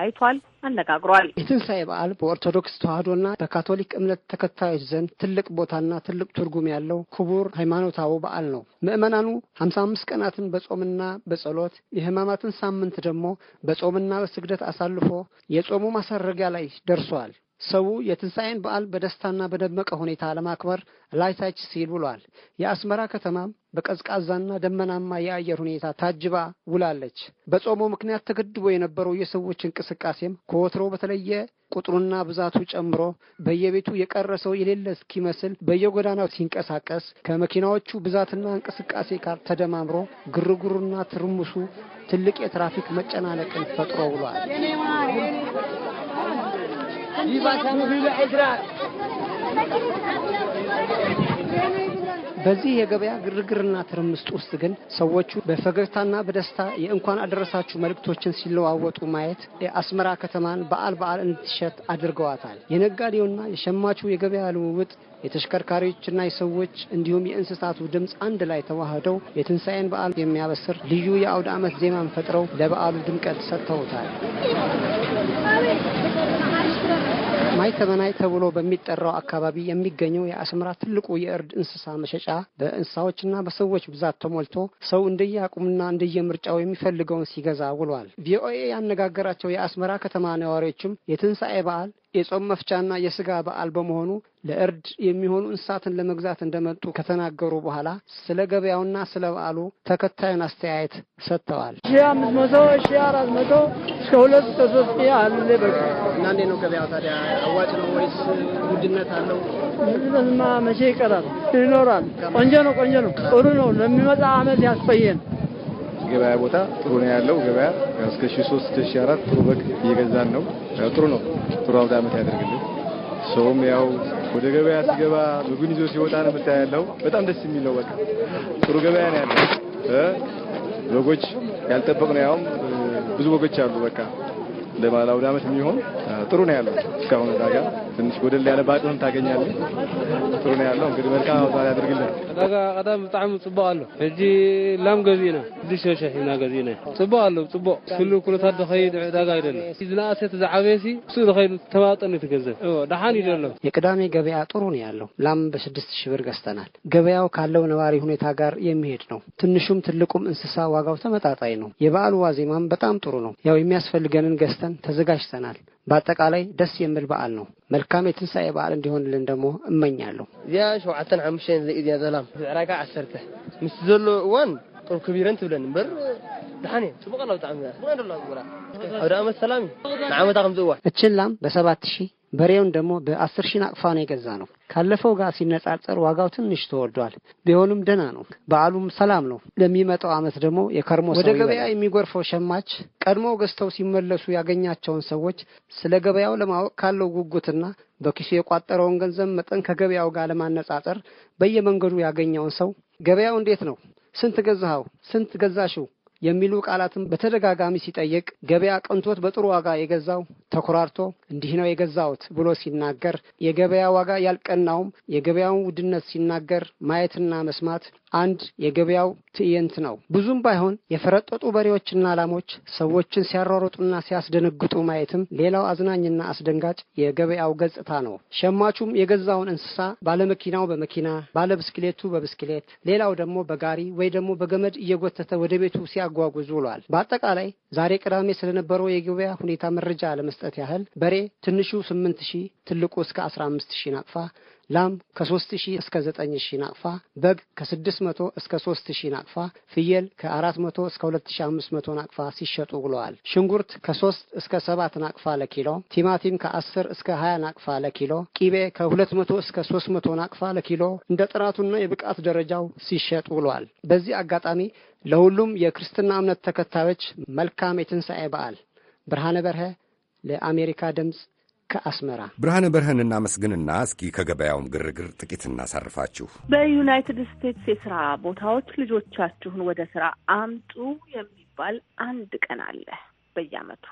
አይቷል፣ አነጋግሯል። የትንሣኤ በዓል በኦርቶዶክስ ተዋሕዶና በካቶሊክ እምነት ተከታዮች ዘንድ ትልቅ ቦታና ትልቅ ትርጉም ያለው ክቡር ሃይማኖታዊ በዓል ነው። ምዕመናኑ ሀምሳ አምስት ቀናትን በጾምና በጸሎት የህማማትን ሳምንት ደግሞ በጾምና በስግደት አሳልፎ የጾሙ ማሳረጊያ ላይ ደርሷል። ሰው የትንሣኤን በዓል በደስታና በደመቀ ሁኔታ ለማክበር ላይታች ሲል ውሏል። የአስመራ ከተማም በቀዝቃዛና ደመናማ የአየር ሁኔታ ታጅባ ውላለች። በጾሙ ምክንያት ተገድቦ የነበረው የሰዎች እንቅስቃሴም ከወትሮ በተለየ ቁጥሩና ብዛቱ ጨምሮ በየቤቱ የቀረ ሰው የሌለ እስኪመስል በየጎዳናው ሲንቀሳቀስ ከመኪናዎቹ ብዛትና እንቅስቃሴ ጋር ተደማምሮ ግርግሩና ትርምሱ ትልቅ የትራፊክ መጨናነቅን ፈጥሮ ውሏል። በዚህ የገበያ ግርግርና ትርምስት ውስጥ ግን ሰዎቹ በፈገግታና በደስታ የእንኳን አደረሳችሁ መልእክቶችን ሲለዋወጡ ማየት የአስመራ ከተማን በዓል በዓል እንድትሸት አድርገዋታል። የነጋዴውና የሸማቹ የገበያ ልውውጥ የተሽከርካሪዎችና የሰዎች እንዲሁም የእንስሳቱ ድምፅ አንድ ላይ ተዋህደው የትንሣኤን በዓል የሚያበስር ልዩ የአውደ ዓመት ዜማን ፈጥረው ለበዓሉ ድምቀት ሰጥተውታል። ማይተመናይ ተብሎ በሚጠራው አካባቢ የሚገኘው የአስመራ ትልቁ የእርድ እንስሳ መሸጫ በእንስሳዎችና በሰዎች ብዛት ተሞልቶ ሰው እንደየ አቁምና እንደየ ምርጫው የሚፈልገውን ሲገዛ ውሏል። ቪኦኤ ያነጋገራቸው የአስመራ ከተማ ነዋሪዎችም የትንሣኤ በዓል የጾም መፍቻና የስጋ በዓል በመሆኑ ለእርድ የሚሆኑ እንስሳትን ለመግዛት እንደመጡ ከተናገሩ በኋላ ስለ ገበያውና ስለ በዓሉ ተከታዩን አስተያየት ሰጥተዋል። ሺ አምስት መቶ ሺ አራት መቶ እስከ ሁለት እስከ ሶስት አለ። በቃ እና ነው ገበያው ታዲያ አዋጭ ነው ወይስ ውድነት አለው? ውድነትማ መቼ ይቀራል፣ ይኖራል። ቆንጆ ነው፣ ቆንጆ ነው፣ ጥሩ ነው። ለሚመጣ አመት ያስቆየን። ገበያ ቦታ ጥሩ ነው ያለው። ገበያ እስከ ሺ ሶስት እስከ ሺ አራት ጥሩ በግ እየገዛን ነው። ጥሩ ነው። ጥሩ አውደ ዓመት ያደርግልን። ሰውም ያው ወደ ገበያ ሲገባ ምግቡን ይዞ ሲወጣ ነው ያለው በጣም ደስ ነው። በቃ ጥሩ ገበያ ነው ያለው። በጎች ያልጠበቅ ነው ያውም ብዙ በጎች አሉ በቃ ለበዓለ አውደ ዓመት የሚሆን ጥሩ ነው ያለው። እስካሁን እዛ ጋር ትንሽ ጎደል ያለ ባጥን ታገኛለህ። ጥሩ ነው ያለው። እንግዲህ መልካም አውታር ያድርግልን። ዳጋ ቀዳም ብጣዕሚ ጽቡቅ አለ ሕጂ ላም ገዚእና ሽዱሽተ ሽሕ ኢና ገዚእና ጽቡቅ ኣሎ ጽቡቅ ስሉ ኩነታት ዝኸይድ ዕዳጋ ይደሎ ዝነኣሰት ዝዓበየ ሲ እሱ ዝኸይድ ተማጠን ትገዘብ ደሓን ይደሎ የቅዳሜ ገበያ ጥሩ ነው ያለው። ላም በስድስት ሺህ ብር ገዝተናል። ገበያው ካለው ነዋሪ ሁኔታ ጋር የሚሄድ ነው። ትንሹም ትልቁም እንስሳ ዋጋው ተመጣጣኝ ነው። የበዓሉ ዋዜማም በጣም ጥሩ ነው። ያው የሚያስፈልገንን ገዝተን ተነስተን ተዘጋጅተናል። በአጠቃላይ ደስ የሚል በዓል ነው። መልካም የትንሣኤ በዓል እንዲሆንልን ደግሞ እመኛለሁ። እዚያ ሸውዓተን ሓሙሽተን ዘኢድያ ዘላም ዕራጋ ዓሰርተ ምስ ዘሎ እዋን ጦብ ክቢረን ትብለን እምበር ድሓን እየ ፅቡቅ ላ ብጣዕሚ ፅቡቅ ኣብ ዳኣመት ሰላም እዩ ንዓመታ ከምዝእዋ እችን ላም በሰባት ሺህ በሬውን ደግሞ በአስር ሺህ ናቅፋ ነው የገዛ ነው። ካለፈው ጋር ሲነጻጸር ዋጋው ትንሽ ተወዷል። ቢሆንም ደህና ነው። በዓሉም ሰላም ነው። ለሚመጣው ዓመት ደግሞ የከርሞ ወደ ገበያ የሚጎርፈው ሸማች ቀድሞ ገዝተው ሲመለሱ ያገኛቸውን ሰዎች ስለ ገበያው ለማወቅ ካለው ጉጉትና በኪሱ የቋጠረውን ገንዘብ መጠን ከገበያው ጋር ለማነጻጸር በየመንገዱ ያገኘውን ሰው ገበያው እንዴት ነው? ስንት ገዛኸው? ስንት ገዛሽው? የሚሉ ቃላትን በተደጋጋሚ ሲጠይቅ ገበያ ቀንቶት በጥሩ ዋጋ የገዛው ተኮራርቶ እንዲህ ነው የገዛውት ብሎ ሲናገር፣ የገበያ ዋጋ ያልቀናውም የገበያውን ውድነት ሲናገር ማየትና መስማት አንድ የገበያው ትዕይንት ነው። ብዙም ባይሆን የፈረጠጡ በሬዎችና ላሞች ሰዎችን ሲያሯሩጡና ሲያስደነግጡ ማየትም ሌላው አዝናኝና አስደንጋጭ የገበያው ገጽታ ነው። ሸማቹም የገዛውን እንስሳ ባለመኪናው በመኪና ባለብስክሌቱ በብስክሌት ሌላው ደግሞ በጋሪ ወይ ደግሞ በገመድ እየጎተተ ወደ ቤቱ ሲያጓጉዝ ውሏል። በአጠቃላይ ዛሬ ቅዳሜ ስለነበረው የገበያ ሁኔታ መረጃ ለመስጠት ያህል በሬ ትንሹ ስምንት ሺህ ትልቁ እስከ አስራ አምስት ሺህ ናቅፋ ላም ከ3000 እስከ 9000 ናቅፋ፣ በግ ከ600 እስከ 3000 ናቅፋ፣ ፍየል ከ400 እስከ 2500 ናቅፋ ሲሸጡ ውለዋል። ሽንኩርት ከ3 እስከ 7 ናቅፋ ለኪሎ፣ ቲማቲም ከ10 እስከ 20 ናቅፋ ለኪሎ፣ ቂቤ ከ200 እስከ 300 ናቅፋ ለኪሎ እንደ ጥራቱና የብቃት ደረጃው ሲሸጡ ውለዋል። በዚህ አጋጣሚ ለሁሉም የክርስትና እምነት ተከታዮች መልካም የትንሣኤ በዓል። ብርሃነ በርሀ ለአሜሪካ ድምፅ ከአስመራ ብርሃነ በርህን እናመስግንና እስኪ ከገበያውም ግርግር ጥቂት እናሳርፋችሁ። በዩናይትድ ስቴትስ የስራ ቦታዎች ልጆቻችሁን ወደ ስራ አምጡ የሚባል አንድ ቀን አለ በየአመቱ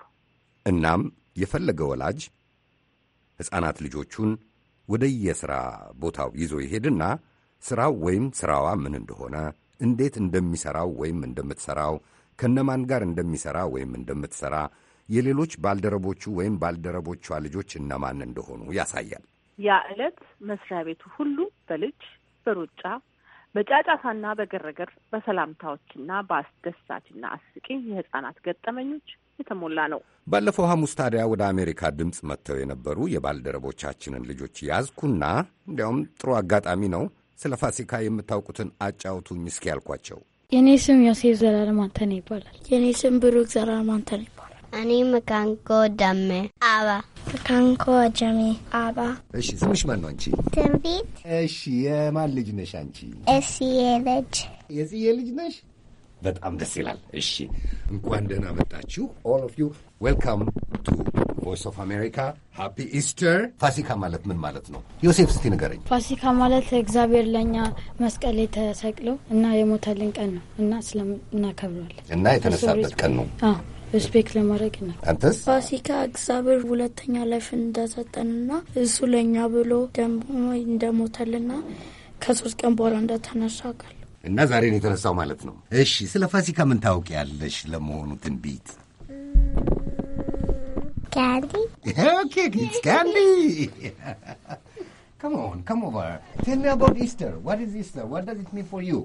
እናም የፈለገ ወላጅ ሕፃናት ልጆቹን የስራ ቦታው ይዞ ይሄድና ስራው ወይም ስራዋ ምን እንደሆነ እንዴት እንደሚሠራው ወይም እንደምትሠራው ከነማን ጋር እንደሚሠራ ወይም እንደምትሠራ የሌሎች ባልደረቦቹ ወይም ባልደረቦቿ ልጆች እነማን እንደሆኑ ያሳያል። ያ ዕለት መስሪያ ቤቱ ሁሉ በልጅ በሩጫ በጫጫታና በግርግር በሰላምታዎችና በአስደሳችና አስቂኝ የህጻናት ገጠመኞች የተሞላ ነው። ባለፈው ሐሙስ ታዲያ ወደ አሜሪካ ድምፅ መጥተው የነበሩ የባልደረቦቻችንን ልጆች ያዝኩና እንዲያውም ጥሩ አጋጣሚ ነው ስለ ፋሲካ የምታውቁትን አጫውቱኝ እስኪ ያልኳቸው። የኔ ስም ዮሴፍ ዘላለም ይባላል። የኔ ስም ብሩክ ዘላለም ይባላል። Ani makanko dame Aba. Makanko jami Aba. እሺ ስምሽ ማን ነው አንቺ? ትንቢት። እሺ የማን ልጅ ነሽ አንቺ? እስዬ ልጅ። የጽዬ ልጅ ነሽ? በጣም ደስ ይላል። እሺ እንኳን ደህና መጣችሁ። ኦል ኦፍ ዩ ዌልካም ቱ ቮይስ ኦፍ አሜሪካ። ሃፒ ኢስተር። ፋሲካ ማለት ምን ማለት ነው? ዮሴፍ እስቲ ንገረኝ። ፋሲካ ማለት እግዚአብሔር ለእኛ መስቀል የተሰቅለው እና የሞተልን ቀን ነው እና እናከብረዋለን እና የተነሳበት ቀን ነው ሪስፔክት ለማድረግ ነው። አንተስ ፋሲካ እግዚአብሔር ሁለተኛ ላይፍ እንደሰጠንና እሱ ለእኛ ብሎ ደግሞ እንደሞተልና ከሶስት ቀን በኋላ እንደተነሳ ቃል እና ዛሬ ነው የተነሳው ማለት ነው። እሺ ስለ ፋሲካ ምን ታውቂያለሽ? ለመሆኑ ትንቢት Come on, come over. Tell me about Easter. What is Easter? What does it mean for you?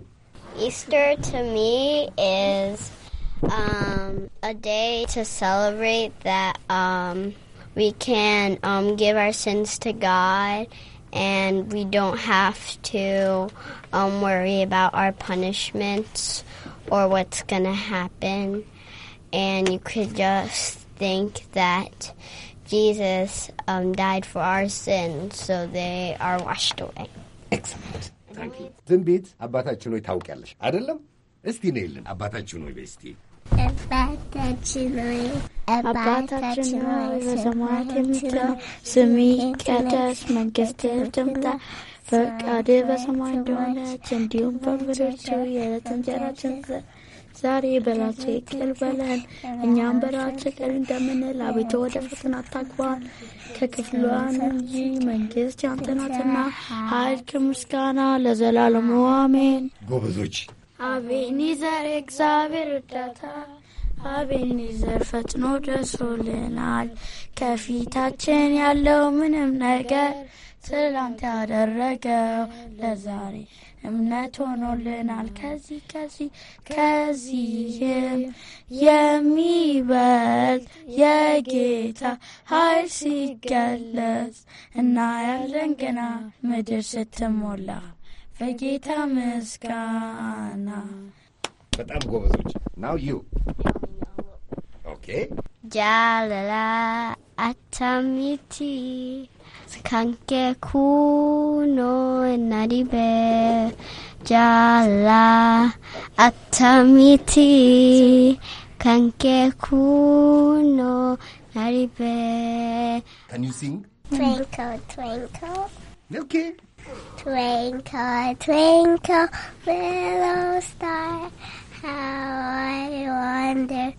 Easter to me is um, a day to celebrate that um, we can um, give our sins to God and we don't have to um, worry about our punishments or what's going to happen. And you could just think that Jesus um, died for our sins, so they are washed away. Excellent. Thank you ዝም ቤት አባታችን ሆይ ታውቂያለሽ አይደለም? እስቲ ነይልን አባታችን ሆይ በይ አባታችን ሆይ በሰማያት የምትኖር ስምህ ይቀደስ፣ መንግስትህ ትምጣ፣ ፈቃድህ በሰማይ እንደሆነች እንዲሁም በምድር የዕለት እንጀራችንን ዛሬ በላችን፣ ይቅር በለን እኛም በላችን ይቅር እንደምንል፣ አቤቱ ወደ ፈተና አታግባን፣ ከክፉ እንጂ መንግስት ያንተ ናትና፣ ኃይል ከምስጋና ለዘላለሙ አሜን። ጎበዞች አቤኔዘር እግዚአብሔር እርዳታ አቤኔዘር ፈጥኖ ደርሶልናል። ከፊታችን ያለው ምንም ነገር ትላንት ያደረገው ለዛሬ እምነት ሆኖልናል። ከዚህ ከዚህ ከዚህም የሚበልጥ የጌታ ኃይል ሲገለጽ እናያለን ገና ምድር ስትሞላ በጌታ ምስጋና። በጣም ጎበዞች ናው jalala atamiti kanke kuno naribe jala atamiti kanke kuno naribe. Can you sing? Twinkle, twinkle. Okay. Twinkle, twinkle, little star, how I wonder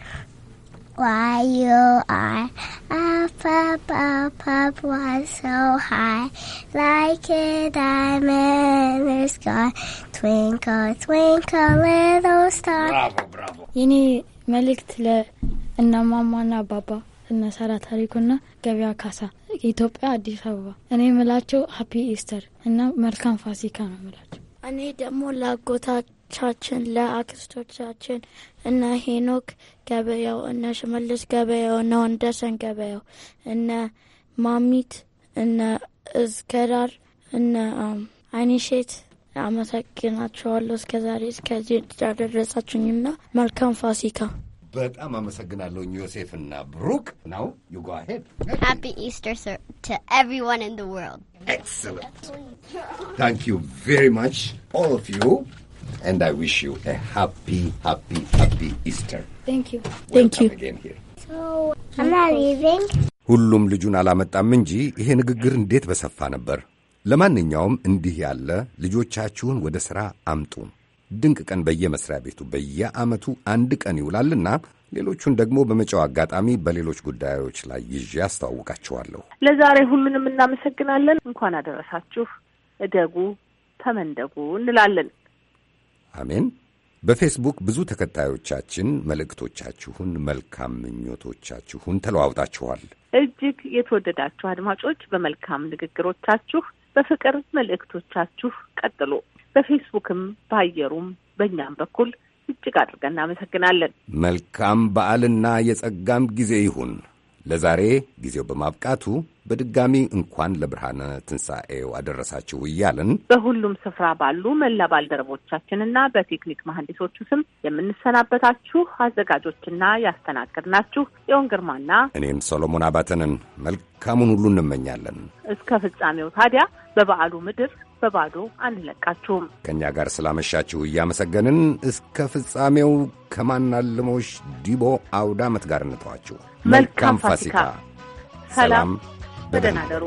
why you are up, up, up, was so high, like a diamond in the sky. Twinkle, twinkle, little star. Bravo, bravo. የኔ መልእክት ለእናማማና አባባ እነ ሳራ ታሪኩና ገበያ ካሳ ኢትዮጵያ አዲስ አበባ እኔ ምላቸው ሀፒ ኢስተር እና መልካም ፋሲካ ነው ምላቸው። እኔ ደግሞ ላጎታ ቻችን ለአክስቶቻችን እነ ሄኖክ ገበያው፣ እነ ሽመልስ ገበያው፣ እነ ወንደሰን ገበያው፣ እነ ማሚት፣ እነ እዝከዳር፣ እነ አይኒሼት አመሰግናችኋለሁ። እስከ ዛሬ እስከዚህ ያደረሳችሁኝና መልካም ፋሲካ። በጣም አመሰግናለሁ ዮሴፍና ብሩክ። ናው ዩ ጎ አሄድ ሃፒ ኢስተር ቱ ኤቭሪዋን ኢን ዘ ወርልድ ኤክሰለንት ታንክ ዩ ቬሪ ማች ኦል ኦፍ ዩ and I wish you a happy, happy, happy Easter. Thank you. Welcome Thank you. again here. So, I'm not leaving. ሁሉም ልጁን አላመጣም እንጂ ይሄ ንግግር እንዴት በሰፋ ነበር። ለማንኛውም እንዲህ ያለ ልጆቻችሁን ወደ ሥራ አምጡ። ድንቅ ቀን በየመስሪያ ቤቱ በየዓመቱ አንድ ቀን ይውላልና ሌሎቹን ደግሞ በመጪው አጋጣሚ በሌሎች ጉዳዮች ላይ ይዤ አስተዋውቃችኋለሁ። ለዛሬ ሁሉንም እናመሰግናለን። እንኳን አደረሳችሁ። እደጉ፣ ተመንደጉ እንላለን። አሜን። በፌስቡክ ብዙ ተከታዮቻችን መልእክቶቻችሁን፣ መልካም ምኞቶቻችሁን ተለዋውጣችኋል። እጅግ የተወደዳችሁ አድማጮች በመልካም ንግግሮቻችሁ፣ በፍቅር መልእክቶቻችሁ ቀጥሎ በፌስቡክም በአየሩም በእኛም በኩል እጅግ አድርገን እናመሰግናለን። መልካም በዓልና የጸጋም ጊዜ ይሁን። ለዛሬ ጊዜው በማብቃቱ በድጋሚ እንኳን ለብርሃነ ትንሣኤው አደረሳችሁ እያልን በሁሉም ስፍራ ባሉ መላ ባልደረቦቻችንና በቴክኒክ መሐንዲሶቹ ስም የምንሰናበታችሁ አዘጋጆችና ያስተናገድናችሁ ጽዮን ግርማና እኔም ሶሎሞን አባተንን መልካሙን ሁሉ እንመኛለን። እስከ ፍጻሜው ታዲያ በበዓሉ ምድር በባዶ አንለቃችሁም። ከእኛ ጋር ስላመሻችሁ እያመሰገንን እስከ ፍጻሜው ከማናልሞሽ ዲቦ አውዳመት ጋር እንተዋችሁ። መልካም ፋሲካ። ሰላም በደህና ደሩ።